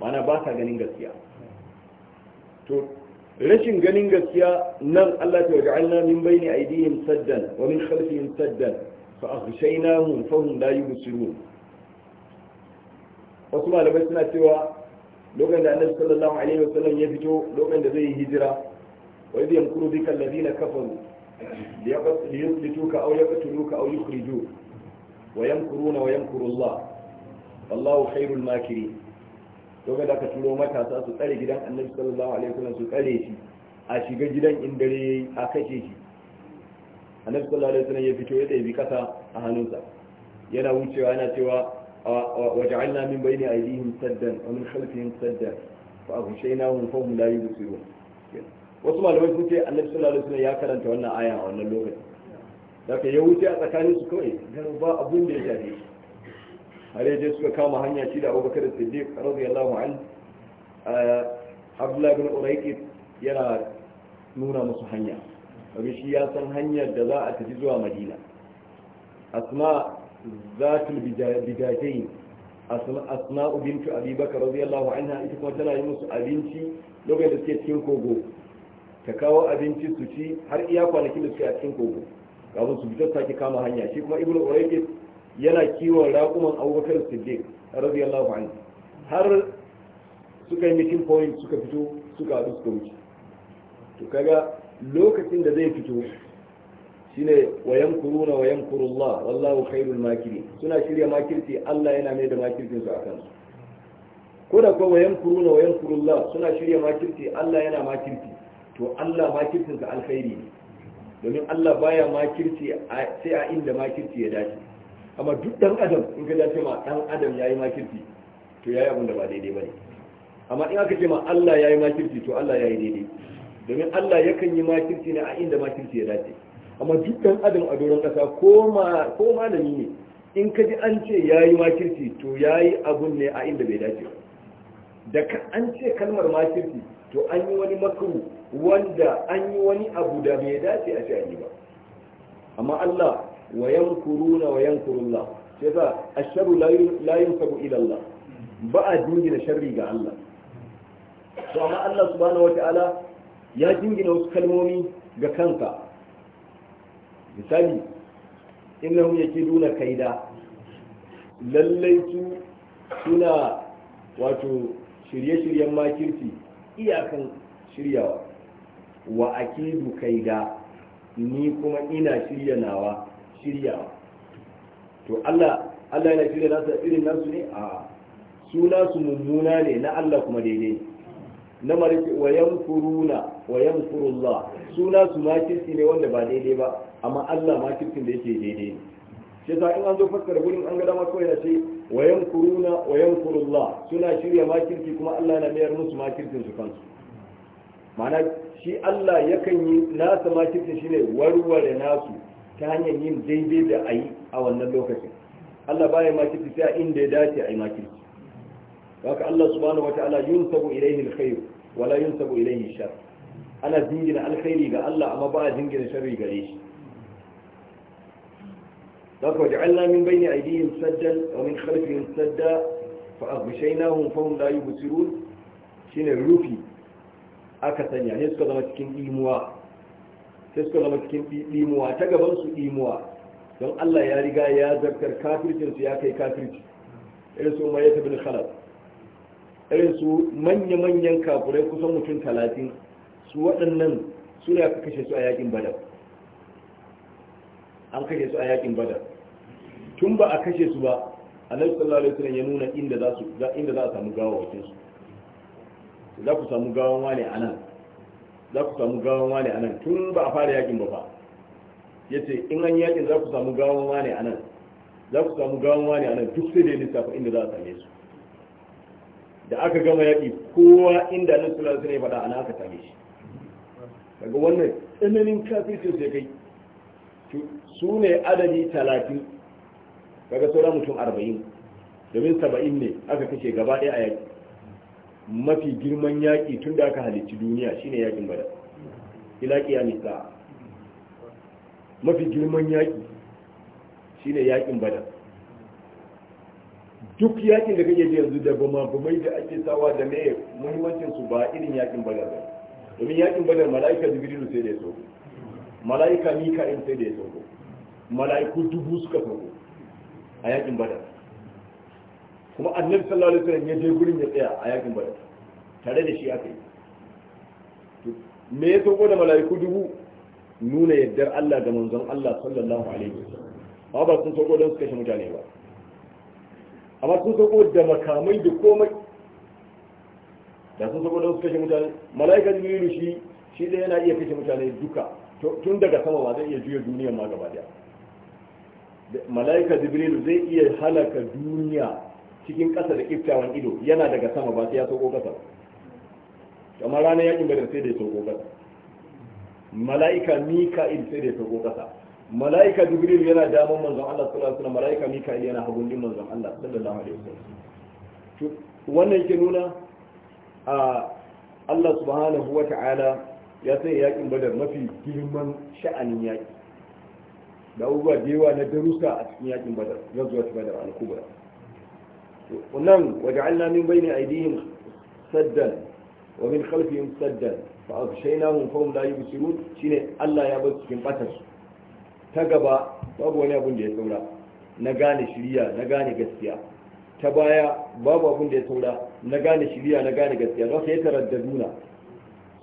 mana ba sa ganin gaskiya to rashin ganin gaskiya nan Allah ta wajen waja'alna min bai bayni aydihim saddan wa min khalfihim saddan fa aghshaynahum fahum la yubsirun wasu malamai suna cewa lokacin da annabi sallallahu alaihi wasallam ya fito lokacin da zai yi hijira wa idh yamkuru bika na kafaru liyaqtuluka aw yaqtuluka aw yukhrijuka ويمكرون ويمكر الله والله خير الماكرين to ga da ka turo matasa su tsare gidan annabi sallallahu alaihi wasallam su tsare shi a shiga gidan in dare a kashe shi annabi sallallahu alaihi wasallam ya fito ya ɗebi kasa a hannunsa yana wucewa yana cewa waja'alna min bayni aydihim saddan wa min khalfihim saddan fa aghshaynahum fa hum la yubsirun wasu malamai sun ce annabi sallallahu alaihi wasallam ya karanta wannan aya a wannan lokacin daga ya wuce a tsakanin su kawai gano ba abun da ya shafe har yaje suka kama hanya shi da abubakar siddiq radiyallahu an abdullahi bin uraiqi yana nuna musu hanya domin shi ya san hanyar da za a tafi zuwa madina asma zatul bidajain asma bintu abi bakar radiyallahu anha ita kuma tana yi musu abinci lokacin da suke cikin kogo ta kawo abinci su ci har iya kwanakin da suke a cikin kogo kawo cutar sake kama hanya shi kuma ibn urayqis yana kiwon raƙuman abubakar siddiq radiyallahu anhu har suka yi meeting point suka fito suka haɗu suka wuce to kaga lokacin da zai fito shine wayan kuruna wayan kurullah wallahu khairul makiri suna shirya makirci Allah yana mai da makircin su akan su ko da kuwa wayan kuruna wayan kurullah suna shirya makirci Allah yana makirci to Allah makircin sa alkhairi ne domin Allah baya makirci sai a inda makirci ya dace amma duk dan adam in ka dace ma dan adam yayi makirci to yayi abin da ba daidai bane amma in aka ce ma Allah yayi makirci to Allah yayi daidai domin Allah yakan yi makirci ne a inda makirci ya dace amma duk dan adam a doron kasa ko ma ko malami ne in ka ji an ce yayi makirci to yayi abun ne a inda bai dace ba da an ce kalmar makirci to an yi wani makaru wanda an yi wani abu da bai dace a shi ba amma Allah wa yankuruna wa yankurullah sai yasa asharu la yunsabu ila Allah ba a dingina sharri ga Allah to amma Allah subhanahu wataala ya dingina wasu kalmomi ga kanka misali innahum yakiduna kaida lallai su suna wato shirye-shiryen makirci iyakan shiryawa wa akidu kai da ni kuma ina shirya nawa shiryawa to Allah Allah yana shirya nasa irin nasu ne a su nasu mummuna ne na Allah kuma daidai na marike wa yamkuruna wa Suna su nasu makirci ne wanda ba daidai ba amma Allah makircin da yake daidai shi yasa in an zo fassara gurin an ga dama kawai na ce wa yankuruna wa yankurullah suna shirya makirci kuma Allah na mayar musu makircin su kansu ma'ana shi Allah yakan yi nasa makircin shine warware nasu ta hanyar yin daidai da ayi a wannan lokacin Allah baya makirci sai inda ya dace ayi makirci haka Allah subhanahu wataala yunsabu ilayhi alkhair wala yunsabu ilayhi shar ana jingina alkhairi ga Allah amma ba a dingina sharri gare shi ذاك وجعلنا من بين أيديهم سدا ومن خلفهم سدا فأغشيناهم فهم لا يبصرون شين الروفي أكثر يعني يسكى ذا sai إيموا zama ذا مسكين إيموا gaban su إيموا don Allah ya riga ya zartar kafircinsu ya kai kafirci irin su umar ta bin khalaf irin su manya-manyan kafurai kusan mutum talatin su wadannan su ne aka kashe su a yakin badar an kashe su a yakin badar tun ba a kashe su ba nan sallallahu alaihi wasallam ya nuna inda za a samu gawawakin su za ku samu gawan wane nan, za ku samu gawan wane nan. tun ba a fara yakin ba fa ce in an yakin za ku samu gawan wane nan, za ku samu gawan wane nan duk sai da lissafa inda za a same su da aka gama yaki kowa inda annabi sallallahu alaihi ya faɗa ana aka same shi daga wannan tsananin kafircin sai kai su ne adadi talatin kaga sauran mutum arba'in domin saba'in ne aka kashe gaba ɗaya a yaƙi mafi girman yaƙi tun da aka halicci duniya shine yaƙin bada ila ƙiyami mafi girman yaƙi shine yaƙin bada duk yaƙin da kake yanzu da bama bamai da ake sawa da me muhimmancin su ba irin yaƙin bada ba domin yaƙin bada mala'ika jibrilu sai da ya sauko mala'ika mika'il sai da ya sauko mala'iku dubu suka sauko a yakin badar kuma annabi sallallahu alaihi wasallam ya je gurin ya tsaya a yakin badar tare da shi aka yi me ya sauko da mala'iku dubu nuna yaddar Allah da manzon Allah sallallahu alaihi wasallam amma ba sun sauko don su kashe mutane ba amma sun sauko da makamai da komai da sun sauko don su kashe mutane mala'ika jibrilu shi shi da yana iya kashe mutane duka tun daga sama ba zai iya juya duniyar ma gaba daya mala'ika jibril zai iya halaka duniya cikin ƙasa da kiftawan ido yana daga sama ba sai ya sauko ƙasa Kamar ranar yakin badar sai da ya sauko ƙasa mala'ika mika'il sai da ya sauko ƙasa mala'ika jibril yana damar manzon Allah sallallahu alaihi wasallam mala'ika mika'il yana hagun din manzon Allah sallallahu alaihi wasallam to wannan ke nuna a Allah subhanahu wata'ala ya sai yakin badar mafi girman sha'anin yaki da abubuwa da yawa na darussa a cikin yakin badar zuwa cikin badar al-kubra wannan waja'alna bai ne aidihin saddan wa min khalfihim saddan fa aghshaynahum fa hum la yubsirun shine Allah ya bar cikin batar ta gaba babu wani abun da ya saura na gane shiriya na gane gaskiya ta baya babu abun da ya saura na gane shiriya na gane gaskiya za su yi taraddaduna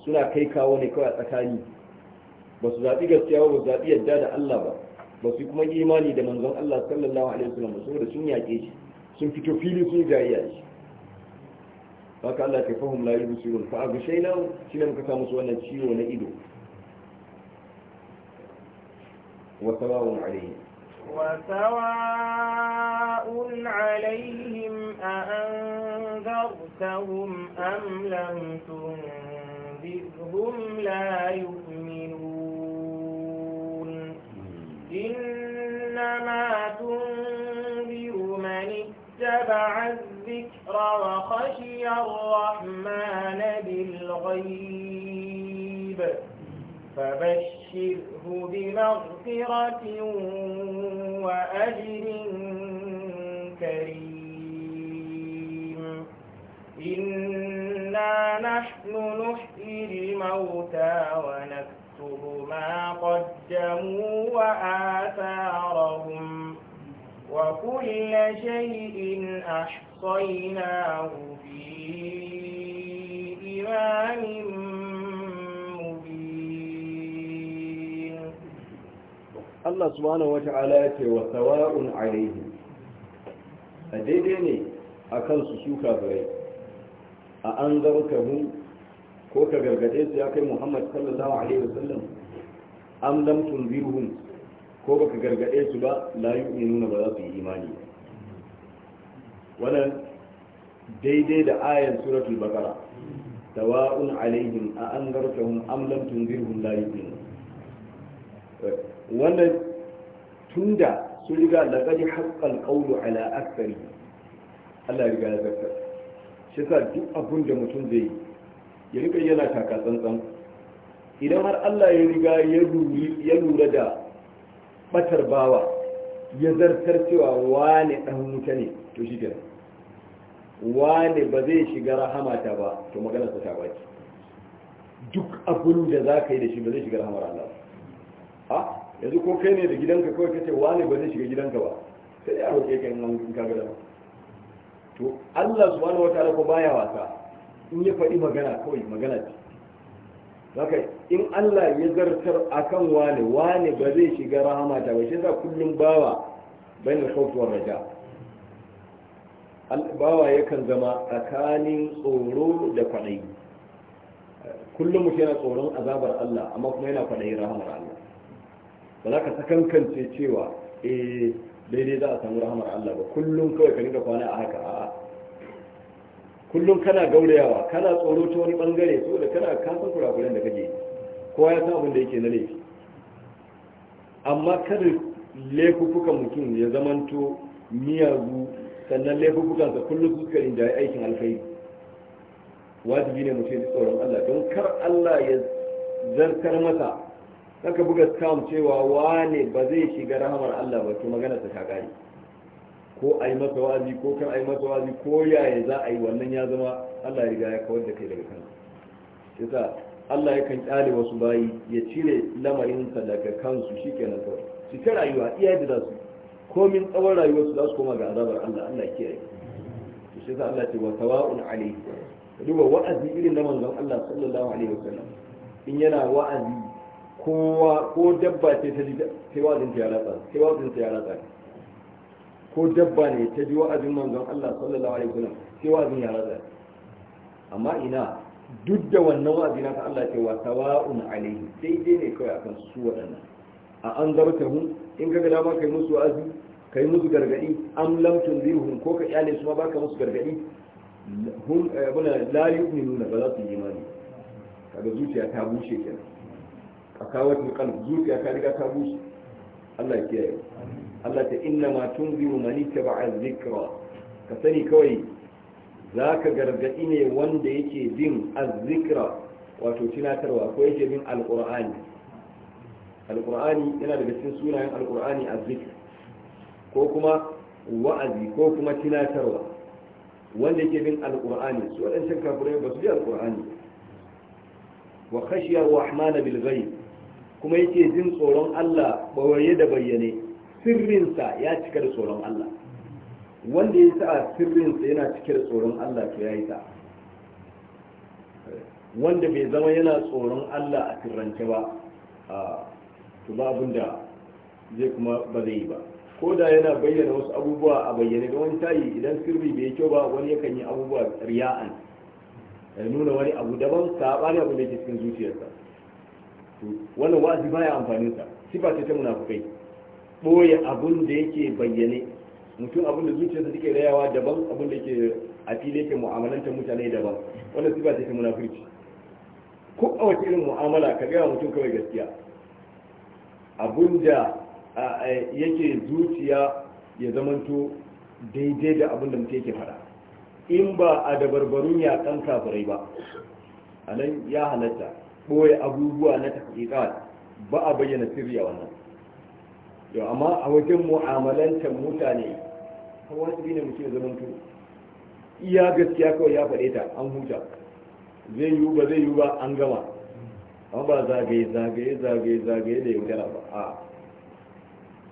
suna kai kawo ne kawai a tsakani ba su zaɓi gaskiya ba ba su zaɓi yadda da Allah ba ba su kuma imani da manzon Allah sallallahu alaihi wasallam saboda sun yaƙe shi sun fito fili sun jayayya shi haka Allah ta fahim la yubu sirun fa abu aghshayna shi ne muka samu su wannan ciwo na ido wa sawa'un alayhi wa sawa'un alaihim a anzartahum am lam tunzirhum la yu'minun إنما تنذر من اتبع الذكر وخشي الرحمن بالغيب فبشره بمغفرة وأجر كريم إنا نحن نحيي الموتى ونكتب نكتب ما قدموا وآثارهم وكل شيء أحصيناه في إمام مبين الله سبحانه وتعالى وسواء عليهم أديدني أكل سسوكا بريد a an zarkahu ko ka gargade su ya kai muhammad sallallahu alaihi wasallam am lam tunzirhum ko baka gargade su ba la yu'minuna ba za su yi imani wannan daidai da ayan suratul baqara sawa'un alaihim a anzartahum am lam tunzirhum la yu'minun wannan tunda sun riga laqad haqqal qawlu ala aktsari Allah ya riga ya zartar shi sa duk abin da mutum zai yi ya rika yana taka tsantsan idan har Allah ya riga ya lura da batar bawa ya zartar cewa wane dan wuta ne to shi kenan wane ba zai shiga rahamata ba to magana ta baki duk abin da za ka yi da shi ba zai shiga rahamar Allah ha yanzu ko kai ne da gidanka kawai kace wane ba zai shiga gidanka ba sai ya roƙe ka nan ka ga to Allah subhanahu wataala ko baya wasa in ya faɗi magana kawai magana ce haka in Allah ya zartar a kan wane wane ba zai shiga rahama ta ba shi yasa kullum bawa bayan khawfin raja bawa yakan zama tsakanin tsoro da kwaɗayi kullum mutum yana tsoron azabar Allah amma kuma yana kwaɗayin rahamar Allah ba za ka sakankance cewa eh daidai za a samu rahamar Allah ba kullum kawai ka rinka kwana a haka a'a kullum kana gaurayawa kana tsoro ta wani bangare saboda kana kasan kurakuren da kake kowa ya san abin da yake na laifi amma kada laifukan mutum ya zamanto miyagu sannan sa kullum suka rinjaye aikin alkhairi wajibi ne mutum ya tsoron Allah don kar Allah ya zartar masa saka buga kam cewa wane ba zai shiga rahamar Allah ba to magana ta kare ko a yi masa wa'azi ko kan a yi masa wa'azi ko yaya za a yi wannan ya zama Allah ya riga ya kawar da kai daga kan ta Allah ya kan kyale wasu bayi ya cire lamarinsa daga kansu shikenan kawai su ta rayuwa iya da za su komin tsawon rayuwarsu za su koma ga azabar Allah Allah ya kiyaye to sai Allah ce wa tawa'un alayhi duba wa'azi irin na manzon Allah sallallahu alaihi wasallam in yana wa'azi kowa ko dabba ce ta ji sai wa'azin ta ya ratsa sai wa'azin ta ya ratsa ko dabba ne ta ji wa'azin manzon Allah sallallahu alaihi wasallam sai wa'azin ya ratsa amma ina duk da wannan wa'azi na Allah ce wa sawa'un alaihi daidai ne kawai akan su waɗannan a an zartahum in kaga dama kai musu wa'azi kai musu gargadi am lam tunzirhum ko ka iyale su ma baka musu gargadi hum eh, abuna la yu'minuna ba za su yi imani kaga zuciya ta bushe kenan a kawatin kalb zuciya ta riga ta bushe Allah ya kiyaye Allah ta inna ma tunziru man ittaba zikra ka sani kawai zaka gargaɗi ne wanda yake bin azzikra wato tunatarwa ko yake bin alqur'ani alqur'ani yana daga cikin sunayen alqur'ani azzikr ko kuma wa'azi ko kuma tunatarwa wanda yake bin alqur'ani su wadancan kafirai ba su ji alqur'ani wa khashiya rahmana bil ghaib kuma yake jin tsoron Allah bawaye da bayyane sirrinsa ya cika da tsoron Allah wanda ya sa sirrinsa yana cike da tsoron Allah to ya yi ta wanda bai zama yana tsoron Allah a sirrance ba to ba abin da zai kuma ba zai yi ba ko da yana bayyana wasu abubuwa a bayyane ga wani tayi idan sirri bai kyau ba wani yakan yi abubuwa riya'an ya nuna wani abu daban saɓani abu da ke cikin zuciyarsa wannan wa'azi baya sa sifa ce ta munafukai ɓoye abun da yake bayyane mutum abin da zuciyarsa suke rayawa daban abin da yake a fili yake mu'amalantar mutane daban wannan su ce ta munafurci ko a wace irin mu'amala ka gaya mutum kawai gaskiya abun da yake zuciya ya zamanto daidai da abun da mutum yake faɗa in ba a dabarbarun kan kafirai ba a nan ya halatta ɓoye abubuwa na tafiƙa ba a bayyana sirri a wannan yau amma a wajen mu'amalantar mutane kawai su ne mutum zaman tu iya gaskiya kawai ya faɗe ta an huta zai yiwu ba zai yiwu ba an gama an ba zagaye zagaye zagaye zagaye da yaudara ba a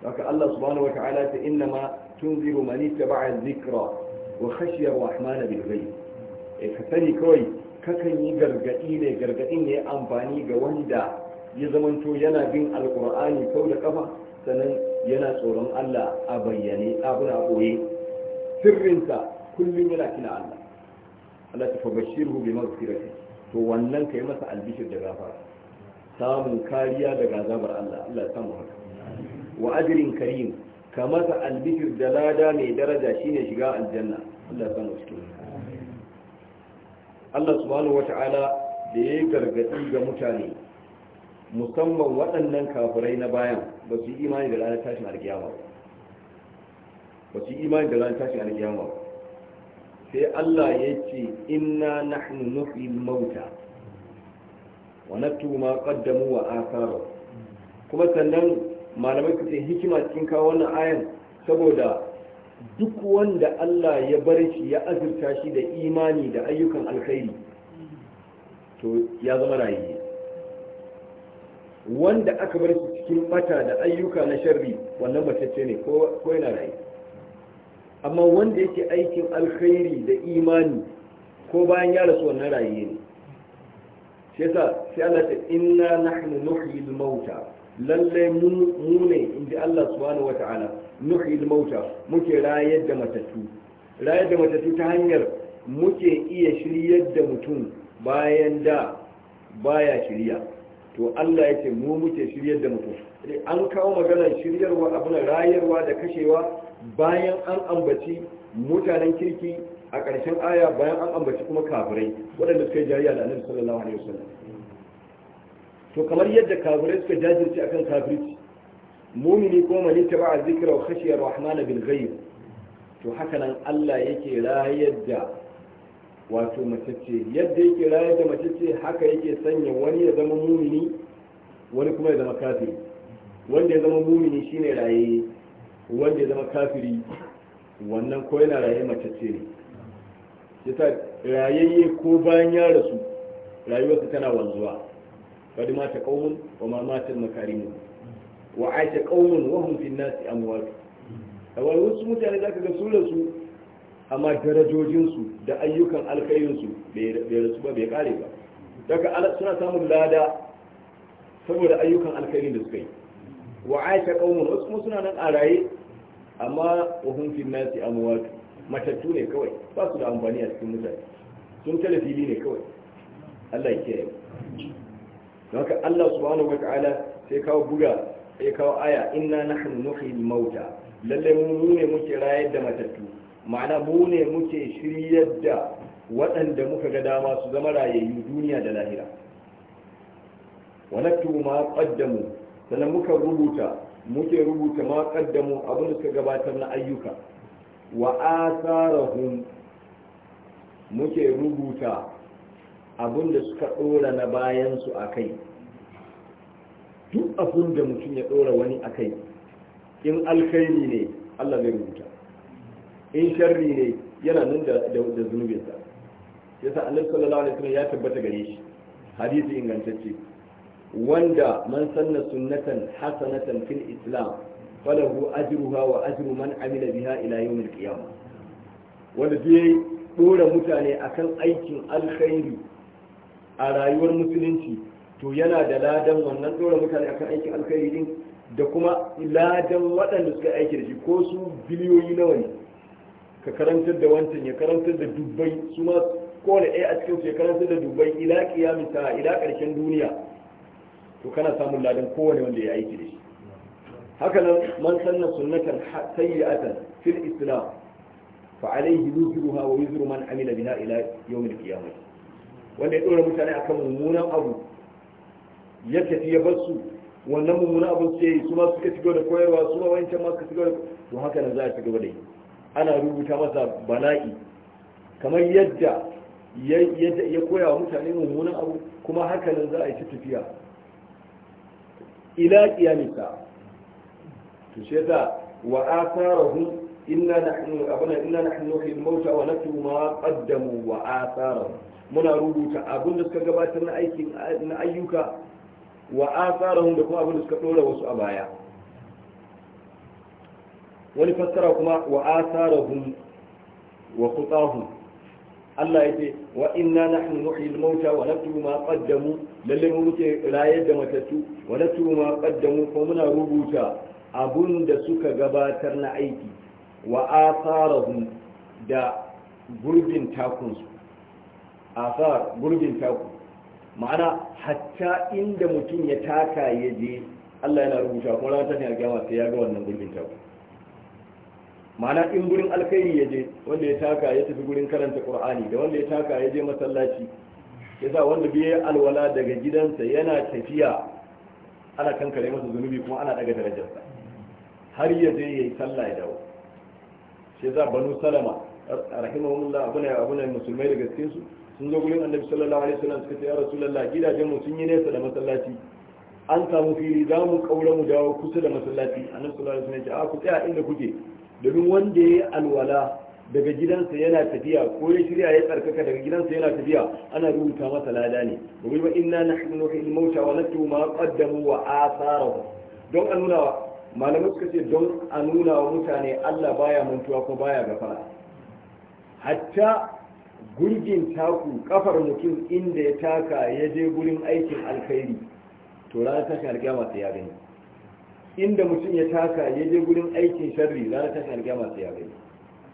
haka Allah subhanahu wa ta'ala ta inna ma tunziru man ittaba'a dhikra wa khashiya ar-rahman bil ghaib eh ka sani kawai kakan yi gargadi ne gargadin ne amfani ga wanda ya zamanto yana bin alqur'ani sau da kafa sanan yana tsoron Allah a bayyane abin a boye sirrinsa kullum yana kina Allah Allah ta fabashirhu bi maghfirati to wannan kai masa albishir da gafara samun kariya daga azabar Allah Allah ya samu haka wa ajrin karim ka masa albishir da lada mai daraja shine shiga aljanna Allah ya samu cikin Allah subhanahu wata'ala da ya gargadi ga mutane musamman waɗannan kafirai na bayan ba su yi imani da ranar tashin alkiyama ba su yi imani da ranar tashin alkiyama sai Allah ya ce inna nahnu nuhyi mauta wa tuma ma qaddamu wa atharu kuma sannan malamai su ce hikima cikin kawo wannan ayan saboda duk wanda Allah ya bar shi ya azurta shi da imani da ayyukan alkhairi to ya zama rayu. wanda aka bar su cikin mata da ayyuka na sharri wannan matacce ne ko yana rai amma wanda yake aikin alkhairi da imani ko bayan ya rasu wannan raye ne shi yasa sai Allah ta inna nahnu al mauta lalle mu ne inda Allah subhanahu wata'ala al mauta muke rayar da matattu rayar da matattu ta hanyar muke iya shiryar da mutum bayan da baya shirya to Allah yake mu muke shiryar da mutum eh, an kawo maganar shiryarwa abin rayarwa da kashewa bayan an ambaci mutanen kirki a ƙarshen aya bayan an ambaci kuma kafirai waɗanda suka yi jariya da annabi sallallahu alaihi wasallam to kamar yadda kafirai suka jajirce akan kafirci mumini ko mani taba'a zikra wa khashiya rahmana bil ghaib to haka nan Allah yake rayar da wato mace ce yadda yake rayar da mace ce haka yake sanya wani ya zama mumini wani kuma ya zama kafiri wanda ya zama mumini shine raye wanda ya zama kafiri wannan ko yana raye mace ce ne yasa rayayye ko bayan ya rasu rayuwarsa tana wanzuwa kadi mata qaumun wa ma matal makarimu wa aisha qaumun wa hum fi an-nasi amwat wasu mutane zaka ga su rasu amma darajojinsu da ayyukan alkayinsu bai rasu ba bai kare ba daga suna samun lada saboda ayyukan alkayin da suka yi wa aisha qaumun wasu kuma suna nan a raye amma wahum fi nasi amwat matattu ne kawai ba su da amfani a cikin mutane sun talafili ne kawai Allah ya kiyaye don haka Allah subhanahu wa ta'ala sai kawo buga sai kawo aya inna nahnu nuhyil mauta lalle mu ne muke rayar da matattu ma'ana mu ne muke shiryar da waɗanda muka ga dama su zama rayayyu duniya da lahira wa ma qaddamu sannan muka rubuta muke rubuta ma qaddamu abin da suka gabatar na ayyuka wa asarahum muke rubuta abin da suka dora na bayan su akai duk abin da mutum ya ɗora wani akai in alkhairi ne Allah zai rubuta in sharri ne yana nan da da zunubinsa yasa annabi sallallahu alaihi wasallam ya tabbata gare shi hadisi ingantacce wanda man sanna sunnatan hasanatan fil islam falahu ajruha wa ajru man amila biha ila yawmil qiyamah wanda zai dora mutane akan aikin alkhairi a rayuwar musulunci to yana da ladan wannan dora mutane akan aikin alkhairi din da kuma ladan waɗanda suka aiki da shi ko su biliyoyi nawa ne ka karantar da wancan ya karantar da dubbai su ma kowane ɗaya a cikin su ya karantar da dubbai ila kiyamita ila ƙarshen duniya to kana samun ladan kowane wanda ya aiki da shi haka nan man sanna sunnatan sayyi'atan fil islam fa alayhi yuzruha wa yuzru man amila biha ila yawm al-qiyamah wanda ya dora mutane akan mummunan abu ya tafi ya bar su wannan mummunan abu sai su ma suka ci gaba da koyarwa su ma wancan ma suka ci gaba da to haka nan za a ci gaba da yi ana rubuta masa bala'i kamar yadda ya koya wa mutane mummunan abu kuma hakanan za a yi tafiya ila kiyamita to shi yasa wa atharahum inna nahnu abana inna nahnu nuhyil mauta wa naktubu ma qaddamu wa atharahum muna rubuta abin da suka gabatar na aikin na ayyuka wa atharahum da kuma abin da suka dora wasu a baya wani fassara kuma wa asarahum wa khutahum Allah ya ce wa inna nahnu nuhyi al-mauta wa naktubu ma qaddamu lalle mu muke rayar da matattu wa naktubu ma qaddamu ko muna rubuta abun da suka gabatar na aiki wa asarahum da gurbin takun su asar gurbin takun ma'ana hatta inda mutum ya taka ya je Allah yana rubuta kuma ran ta ne a sai ya ga wannan gurbin takun ma'ana in gurin alkhairi ya je wanda ya taka ya tafi gurin karanta qur'ani da wanda ya taka ya je masallaci yasa wanda biye alwala daga gidansa yana tafiya ana kankare masa zunubi kuma ana daga darajarsa har ya je yayi sallah ya dawo shi yasa banu salama rahimahumullah abuna abuna musulmai da gaske su sun zo gurin annabi sallallahu alaihi wasallam suka ce ya rasulullah gidajen mu sun yi nesa da masallaci an samu fili za mu kaura mu dawo kusa da masallaci annabi sallallahu alaihi wasallam ya ce a ku tsaya inda kuke domin wanda ya yi alwala daga gidansa yana tafiya ko ya shirya ya tsarkaka daga gidansa yana tafiya ana rubuta masa lada ne domin ba inna nahnu nuhyil mauta wa nattu ma qaddamu wa atharahum don a nuna malamai suka ce don a nuna wa mutane Allah baya mantuwa ko baya gafara hatta gurgin taku kafar mutum inda ya taka ya je gurin aikin alkhairi to ranar tashin alkiyama sai ya gani inda mutum ya taka ya je gurin aikin sharri ranar tashin alkiyama sai ya gani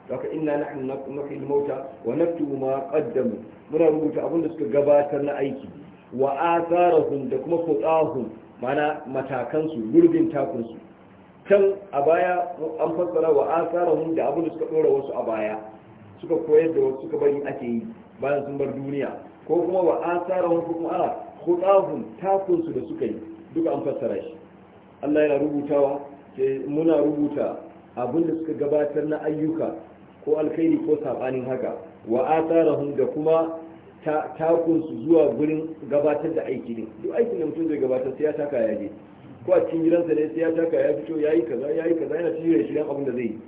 haka inna nahnu nuhyi al-mauta wa naktubu ma qaddamu muna rubuta abin da suka gabatar na aiki wa atharahum da kuma fuqahum mana matakan su gurbin takun su can a baya an fassara wa atharahum da abin da suka dora wasu a baya suka koyar da wasu suka bari ake yi bayan sun bar duniya ko kuma wa atharahum ko kuma ala khutahum takun su da suka yi duka an fassara shi Allah yana rubutawa muna rubuta abin da suka gabatar na ayyuka ko alkhairi ko sabanin haka wa atharahum da kuma takun su zuwa gurin gabatar da aiki din duk aikin da mutum zai gabatar sai ya taka ya je ko a cikin gidansa ne sai ya taka ya fito yayi kaza yayi kaza yana shi shirin abin da zai yi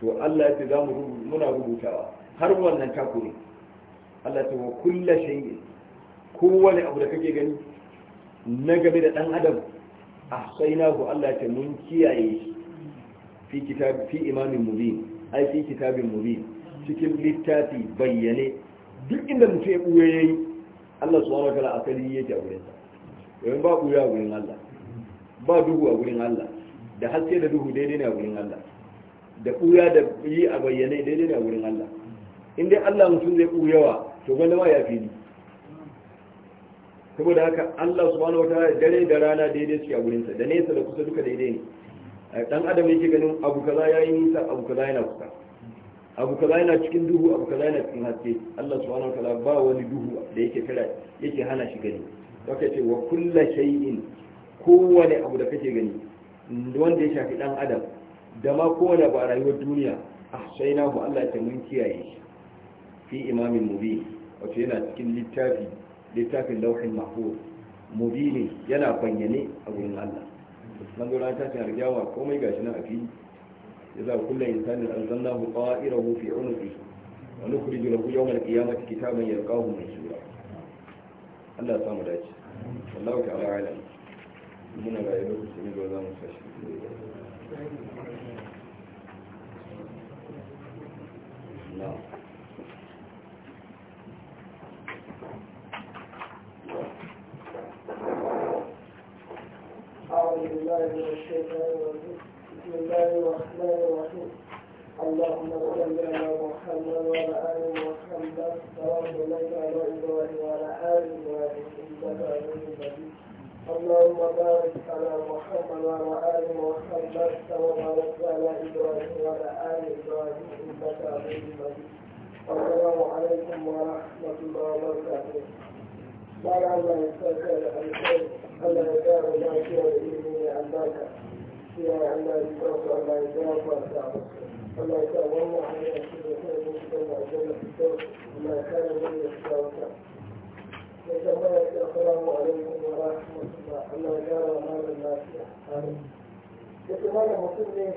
to Allah ya ce za mu muna rubutawa har wannan taku ne Allah ta wa kullu shay'in kowane abu da kake gani na game da dan adam ahsaynahu Allah ta mun kiyaye fi kitab fi imamin mubin ai fi kitabin mubin cikin littafi bayyane duk inda mutum ya buya yayi Allah subhanahu wa ta'ala akali yake a gurin sa yayin ba buya a wurin Allah ba duhu a gurin Allah da haske da duhu daidai ne a gurin Allah da buya da yi a bayyane daidai ne a gurin Allah in dai Allah mutum zai buyawa to gwanda ma ya fi ni. saboda haka Allah subhanahu wata dare da rana daidai suke a gurinsa da nesa da kusa duka daidai ne eh, dan adam yake ganin abu kaza ya yi nisa abu kaza yana kusa abu kaza yana cikin duhu abu kaza yana cikin haske Allah subhanahu wataala ba wani duhu da yake kira yake hana shi gani waka ce wa kulla shay'in kowane abu da kake gani wanda ya shafi dan adam da ma kowane ba rayuwar duniya ahsaynahu Allah ta mun kiyaye shi fi imamin mubin wato yana cikin littafi littafin lauhin mahfuz mubini yana bayyane a gurin Allah nan gura ta cin arjawa komai gashi nan a fili yasa kullu insanin anzalnahu qa'irahu fi unuqi wa nukhriju lahu yawm al-qiyamati kitaban yalqahu mansura Allah ya samu dace wallahu ta'ala alam muna ga yau sai ne za mu sashi na'am أعوذ بالله من الشيطان الرجيم بسم الله الرحمن الرحيم اللهم صل على محمد وعلى آل محمد كما صليت على إبراهيم وعلى آل إبراهيم إنك حميد مجيد اللهم بارك على محمد وعلى آل محمد كما باركت على إبراهيم وعلى آل إبراهيم إنك حميد مجيد السلام عليكم ورحمة الله وبركاته. بارك الله فيك الخير ألا يكاد ما فيها بإذنه أن ذاك فيها أن لا يكره وأن لا يكره وأن تعبد ألا يكاد والله أن يكون خير مسلم وأجل في الدور وما كان من يشتاوك يتبارك السلام عليكم ورحمة الله ألا يكاد وما من ناسية آمين يتبارك مسلم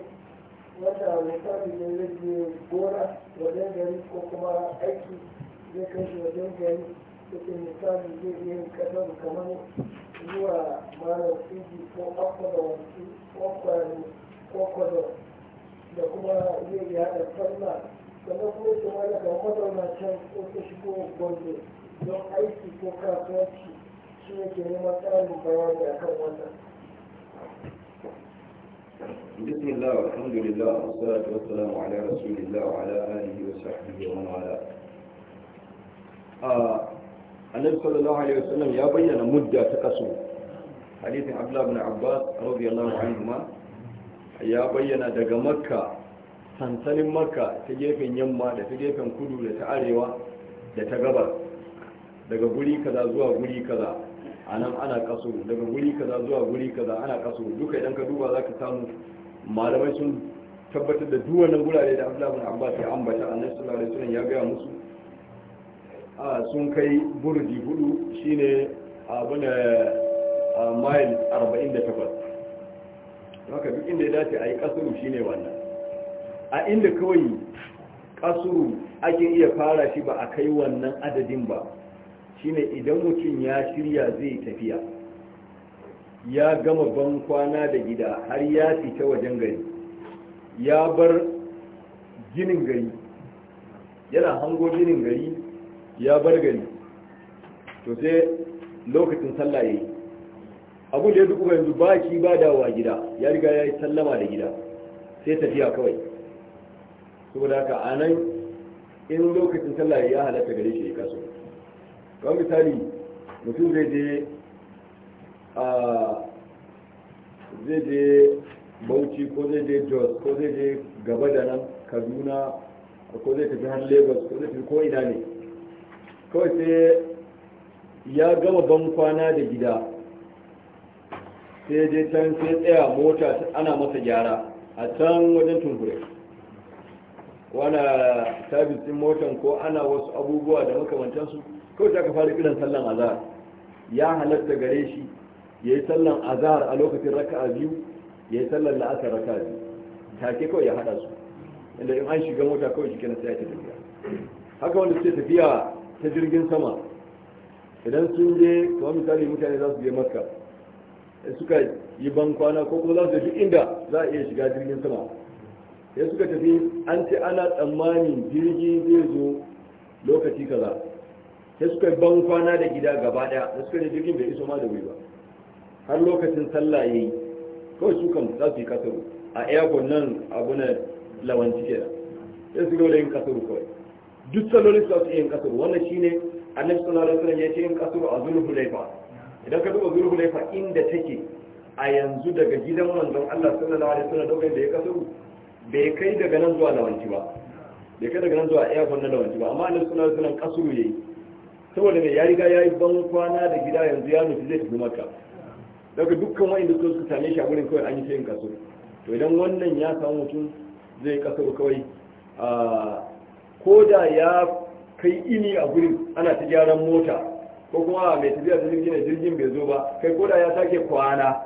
wata misali ne rage gona wajen gari ko kuma aiki zai kai shi wajen gari cikin misali zai iya kasar kamar zuwa wa malam ko ko kwado da kuma zai yada sallah sannan kuma su ma daga mazauna can ko ta shigo gombe don aiki ko kasuwanci shi ne ke neman tsarin bayani akan wannan بسم الله والحمد لله والصلاة والسلام على رسول الله وعلى آله وصحبه ومن والاه annabi sallallahu alaihi wasallam ya bayyana mudda ta kaso hadithin abdullah ibn abbas radiyallahu anhuma ya bayyana daga makka sansanin makka ta gefen yamma da ta gefen kudu da ta arewa da ta gabar daga guri kaza zuwa guri kaza a ana kaso daga guri kaza zuwa guri kaza ana kaso duka idan ka duba za ka samu malamai sun tabbatar da duwannan gurare da abdullahi ibn abbas ya ambata annabi sallallahu alaihi wasallam ya gaya musu sun kai burdi hudu shine abu da mile 48 haka duk inda ya dace a yi kasuru shine wannan a inda kawai kasuru ake iya fara shi ba a kai wannan adadin ba shine idan mutum ya shirya zai tafiya ya gama ban kwana da gida har ya fita wajen gari ya bar ginin gari yana hango ginin gari ya bar gari to sai lokacin sallah yayi abu da ya duku yanzu ba shi ba dawowa gida ya riga ya yi sallama da gida sai tafiya kawai saboda haka a nan in lokacin sallah ya halatta gare shi ya kaso kamar misali mutum zai je a zai je bauchi ko zai je jos ko zai je gaba da nan kaduna ko zai tafi har lagos ko zai tafi ko ina ne kawai sai ya gama ban kwana da gida sai dai can sai tsaya mota ana masa gyara a can wajen tunkure wana sabisin motan ko ana wasu abubuwa da makamantansu kawai ta ka fara kiran sallan azar ya halatta gare shi ya yi sallan azar a lokacin raka a biyu ya yi sallan la'asar raka'a biyu take kawai ya hada su inda in an shiga mota kawai shi kenan sai ya tafiya haka wanda suke tafiya ta jirgin sama idan sun je kuma misali mutane za su je makka suka yi ban kwana ko kuma za su tafi inda za a iya shiga jirgin sama sai suka tafi an ce ana tsammani jirgi zai zo lokaci kaza sai suka yi ban kwana da gida gaba daya da suka yi jirgin bai iso ma da wuri ba har lokacin sallah yayi kawai su kan za su yi kasaru a airport nan abu na lawanci kenan sai su ga yin kasaru kawai duk da su za iya yin kasuru wannan shine annabi sallallahu alaihi wasallam ya ce yin kasuru a zuru laifa idan ka duba zuru laifa inda take a yanzu daga gidan manzon Allah sallallahu alaihi wasallam lokacin da ya kasuru bai kai daga nan zuwa lawanci ba bai kai daga nan zuwa airport na lawanci ba amma annabi sallallahu alaihi wasallam kasuru yayi saboda mai ya riga ya yi ban kwana da gida yanzu ya nufi zai tafi makka daga dukkan wa'inda su suka same shi a wurin kawai an yi sayin kasuru to idan wannan ya samu mutum zai kaso kawai ah, ko da ya kai ini a gurin ana ta gyaran mota ko kuma mai tafiya ta jirgin jirgin bai zo ba kai ko ya sake kwana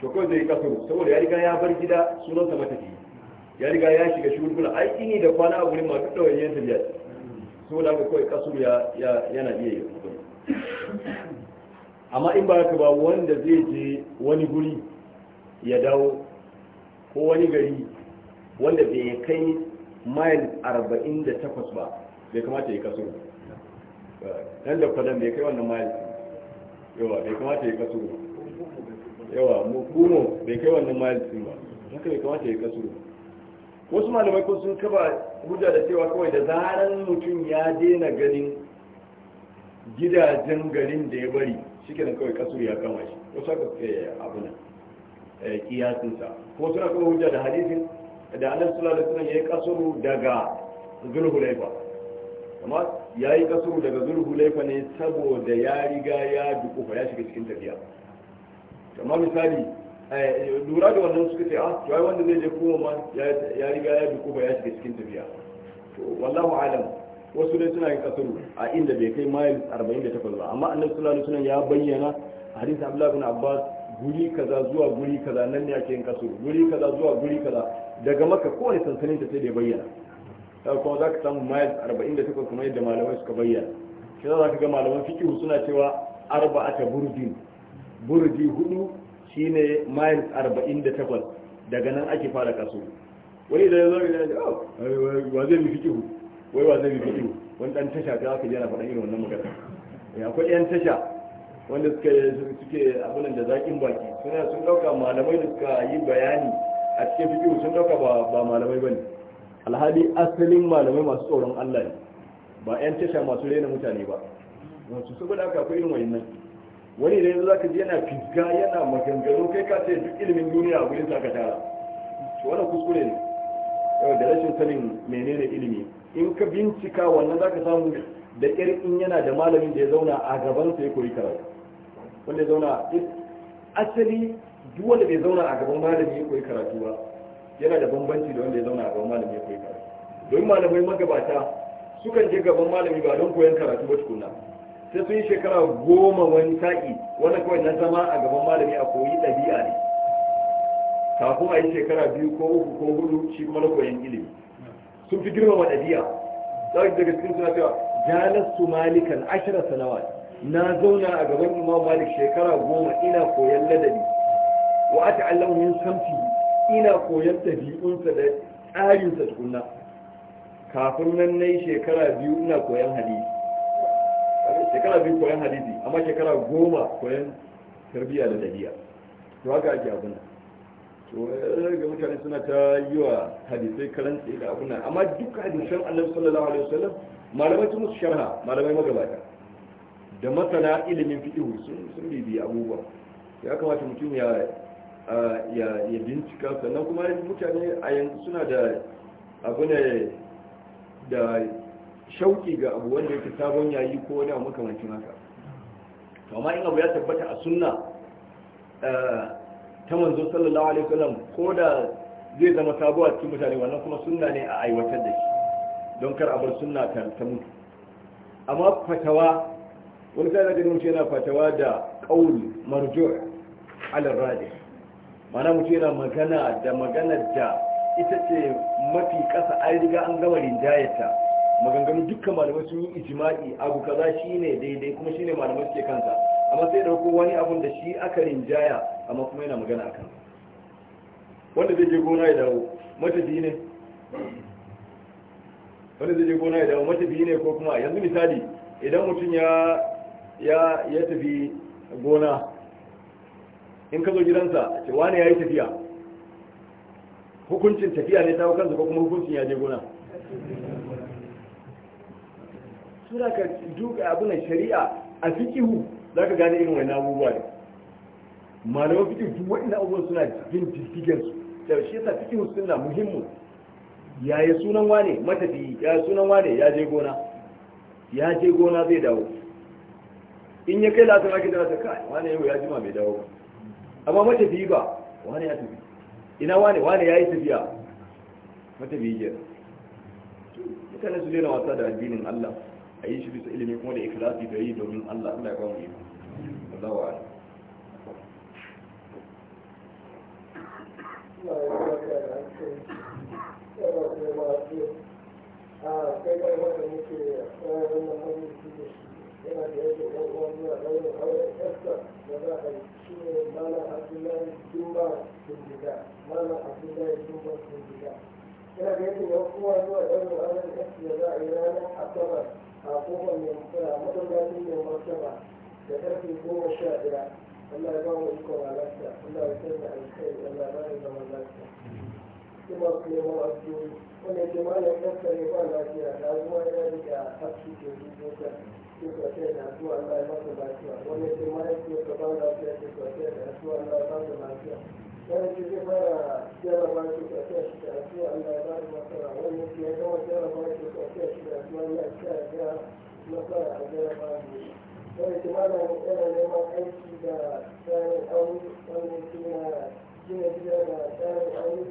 to kawai zai kaso saboda ya riga ya bar gida sunansa matafi ya riga ya shiga shugula ai ini da kwana a gurin masu ɗawainiyar tafiya saboda haka kawai kaso yana iya yi amma in ba ka ba wanda zai je wani guri ya dawo ko wani gari wanda bai kai mile 48 ba bai kamata ya kaso ɗan da kwadan bai kai wannan mile yawa bai kamata ya kaso yawa mu bai kai wannan mile din ba haka bai kamata ya kaso wasu malamai ko sun kaba hujja da cewa kawai da zaran mutum ya daina ganin gidajen garin da ya bari shi kenan kawai kaso ya kama shi wasu haka eh, abu nan eh, kiyasinsa ko suna kuma hujja da hadisin da annabi sallallahu alaihi wasallam yayi kasuru daga laifa amma yayi kasuru daga laifa ne saboda ya riga ya dukufa ya shiga cikin tafiya kamar misali eh, lura da wannan suka ce ah to ai wanda zai je kuma ma ya riga ya dukufa ya shiga cikin tafiya to wallahu alam wasu dai suna yin kasuru a inda bai kai mile 48 ba amma annabi sallallahu alaihi wasallam ya bayyana hadisi abdullahi bin abbas guri kaza zuwa guri kaza nan ne ake yin kasuru guri kaza zuwa guri kaza daga maka kowane sansanin ta sai da ya bayyana ta kuma za ka samu miles 48 kuma yadda malamai suka bayyana shi za ka ga malaman fikihu suna cewa ta burdi burdi hudu shine miles 48 daga nan ake fara kaso wani da ya zo ya ce oh, wa zai bi fikihu wai wa zai bi fikihu wani dan tasha ta aka yana faɗa irin wannan magana eh, akwai yan tasha wanda suke abunan da zaƙin baki suna sun ɗauka malamai da suka yi bayani a cikin fikihu sun dauka ba malamai bane alhali asalin malamai masu tsoron Allah ne ba yan tasha masu rena mutane ba wasu saboda haka akwai irin wayannan wani da yanzu zaka ji yana fiska, yana maganganu kai ka ce duk ilimin duniya a gurin ka tara to wannan kuskure ne yau da rashin sanin menene ilimi in ka bincika wannan zaka samu da ƙirƙin yana da malamin da ya zauna a gaban sa ya koyi karatu wanda ya zauna eh, asali duk wanda bai zauna a gaban malami ya koyi karatu ba yana da bambanci da wanda ya zauna a gaban malami ya koyi karatu domin malamai magabata sukan je gaban malami ba don koyon karatu ba tukuna sai sun yi shekara goma wani sa'i wanda kawai na zama a gaban malami a koyi ɗabi'a ne kafin a yi shekara biyu ko uku ko hudu shi kuma koyon ilimi sun fi girmama ɗabi'a zaka ka daga cikin suna cewa su malikan ashirar sanawa na zauna a gaban imam malik shekara goma ina koyon ladabi wa ata'allamu min samti ina koyon tabi'unsa da tsarinsa tukunna kafin nan yi shekara biyu ina koyon hadisi shekara biyu koyon hadisi amma shekara goma koyon tarbiyya da dabi'a to haka ake abin to eh, ga mutane suna ta yi wa hadisai karanci da abin amma duk hadisan Allah sallallahu alaihi wasallam malamai sun musu sharha malamai magabata da masana ilimin fiqh sun sun bibiya abubuwa ya kamata mutum ya ya bincika sannan kuma mutane a yanzu suna da abu ne da shauki ga abu wanda yake sabon yayi ko wani abu makamancin haka to amma in abu ya tabbata a sunna ta manzo sallallahu alaihi wasallam ko da zai zama sabo a cikin mutane wannan kuma sunna ne a aiwatar da shi don kar a bar sunna ta ta mutu amma fatawa wani sai da mutum yana fatawa da qaul marju' ala rajih mana mutum yana magana da magana da ita ce mafi kasa an riga an gama rinjayarta maganganu dukkan malamai sun yi ijima'i abu kaza shine daidai kuma shine malamai suke kansa amma sai dauko wani abun da shi aka rinjaya amma kuma yana magana akan wanda zai je gona ya dawo matafi ne wanda zai je gona ya dawo matafi ne ko kuma yanzu misali idan mutum ya ya ya tafi gona in ka zo gidansa ce wane ya yi tafiya hukuncin tafiya ne ta kansa ko kuma hukuncin ya je gona suna ka duka abunan shari'a a fikihu za ka gane irin wani abubuwa ne malaman fikihu duk waɗanda abubuwan suna bin jirgigensu da shi yasa fikihu suna muhimmu yaya sunan wane matafiyi ya sunan wane ya je gona ya je gona zai dawo in ya kai latin ake da ta kai wane yau ya jima bai dawo amma matafiyi ba wani ya tafi ina wani wani ya yi tafiya matafiyi yi mutane su daina wasa da addinin Allah a yi shi bisa ilimi kuma da ikilasi da yi domin Allah Allah ya ba yi Allah wa a kai ah, muke eh, yana da yake ɗan uwan nuna ɗaurin auren esta da za a yi da za a yi a kofar mai masallacin mai martaba da ƙarfe goma sha ɗaya Allah ya ba mu ikon halarta Allah zaman lafiya abu ya mawa su wanda ke ma da kasa ne ba lafiya da zuwa ya riga haske ke zuwa ke kwace da zuwa Allah ya masa lafiya wanda ke ma ya ke ka ba lafiya ke kwace da zuwa Allah ya masa lafiya wanda ke fara ke kwace shi da zuwa Allah ya masa masara wanda ke ya gama jarraba ke kwace shi da zuwa Allah ya ga masara a jarraba ne wanda ke ma da yana neman aiki da tsarin aure wanda ke na gina gida da tsarin aure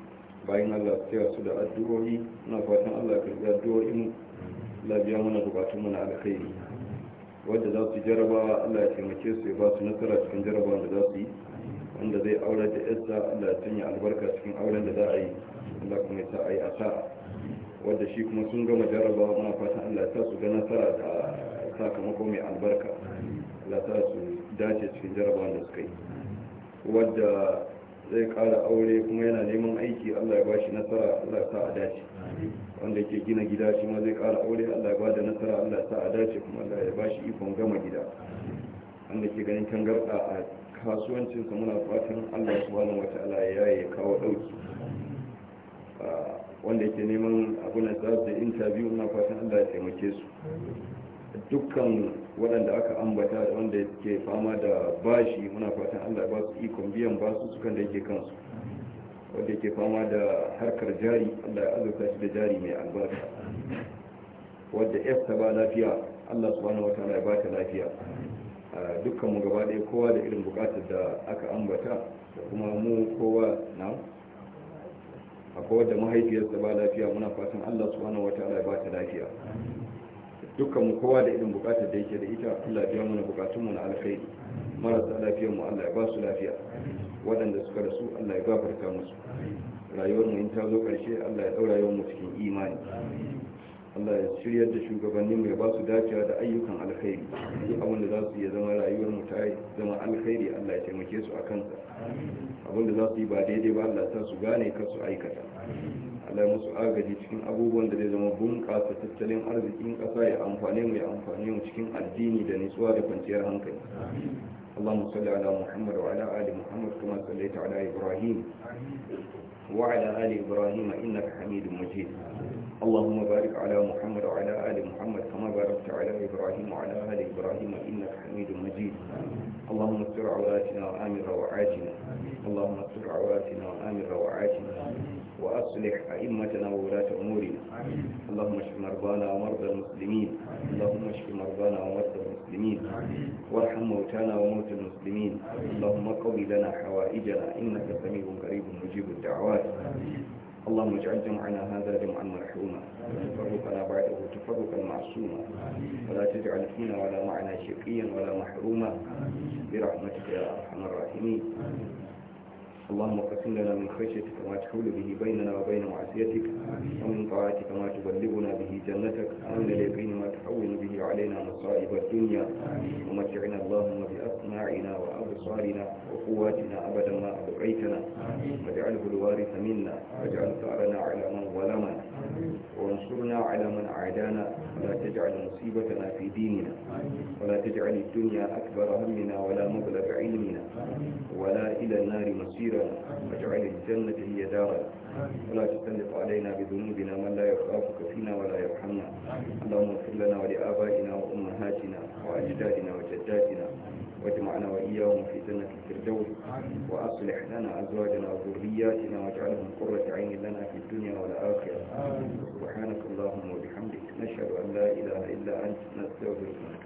bayan Allah su taya su da addu'o'i na fatan Allah ka ji addu'o'in labiya mana bukatun mana alkhairi wadda za su jaraba Allah ya taimake su ya ba su nasara cikin jaraba da za su yi wanda zai aure da yarsa Allah ya sanya albarka cikin auren da za a yi Allah kuma ya sa a yi asa wanda shi kuma sun gama jaraba muna fatan Allah ya sa su ga nasara da sakamako mai albarka Allah ya sa su dace cikin jaraba da suka yi wadda zai kara aure kuma yana neman aiki Allah ya bashi nasara Allah ta adace wanda ke gina gida shi ma zai kara aure Allah ya bada nasara Allah ta adace kuma Allah ya bashi ikon gama gida wanda ke ganin tangarda a kasuwancin sa muna fatan Allah subhanahu wataala ya yi kawo dauki wanda ke neman abun da za su interview muna fatan Allah ya taimake su dukkan waɗanda aka ambata da wanda ke fama da bashi muna fatan allah ba su ikon biyan basu sukan da yake kansu wanda ke fama da harkar jari allah ya azurta shi da jari mai albarka wadda efta ba lafiya allah su wa wata ya ba ta lafiya dukkan mu gaba ɗaya kowa da irin bukatar da aka ambata da kuma mu kowa na akwai wadda mahaifiyarsa ba lafiya muna fatan allah su wa wata ya ba ta lafiya dukkan mu kowa da irin bukatar da yake da ita Allah biya mana bukatun mu na alkhairi marasa lafiyar mu Allah ya ba su lafiya waɗanda suka rasu Allah ya gafarta musu rayuwar mu in ta zo ƙarshe Allah ya daura yawan mu cikin imani Allah ya shirya da shugabannin mu ya ba su dacewa da ayyukan alkhairi duk abin da za su iya zama rayuwar mu ta zama alkhairi Allah ya taimake su a kansa abin da za su yi ba daidai ba Allah ya sa su gane kar su aikata ala musu agaji cikin abubuwan da zai zama bunƙasa tattalin arzikin ƙasa ya amfani mu amfani mu cikin addini da nutsuwa da kwanciyar hankali Allahumma salli ala Muhammad wa ala ali Muhammad kama sallaita ala Ibrahim wa ala ali Ibrahim innaka Hamidum Majid Allahumma barik ala Muhammad wa ala ali Muhammad kama barakta ala Ibrahim wa ala ali Ibrahim innaka Hamidum Majid Allahumma sir'a wa atina wa wa aatina wa atina وأصلح أئمتنا وولاة أمورنا اللهم اشف مرضانا ومرضى المسلمين اللهم اشف مرضانا ومرضى المسلمين وارحم موتانا وموتى المسلمين اللهم قض لنا حوائجنا إنك سميع قريب مجيب الدعوات اللهم اجعل جمعنا هذا جمعا مرحوما وتفرقنا بعده تفرقا معصوما ولا تجعل فينا ولا معنا شقيا ولا محروما برحمتك يا ارحم الراحمين اللهم اقسم لنا من خشيتك ما تحول به بيننا وبين معصيتك ومن طاعتك ما تبلغنا به جنتك ومن اليقين ما تحول به علينا مصائب الدنيا ومتعنا اللهم بأسماعنا وأبصارنا وقواتنا أبدا ما أبقيتنا واجعله الوارث منا واجعل ثأرنا على من ظلمنا وانصرنا على من عادانا ولا تجعل مصيبتنا في ديننا ولا تجعل الدنيا أكبر همنا ولا مبلغ علمنا ولا إلى النار مصيرنا واجعل الجنة هي دارنا ولا تسلط علينا بذنوبنا من لا يخافك فينا ولا يرحمنا اللهم اغفر لنا ولآبائنا وأمهاتنا وأجدادنا وجداتنا واجمعنا وإياهم في جنة الفردوس وأصلح لنا أزواجنا وذرياتنا واجعلهم قرة عين لنا في الدنيا والآخرة سبحانك اللهم وبحمدك نشهد أن لا إله إلا أنت نستغفرك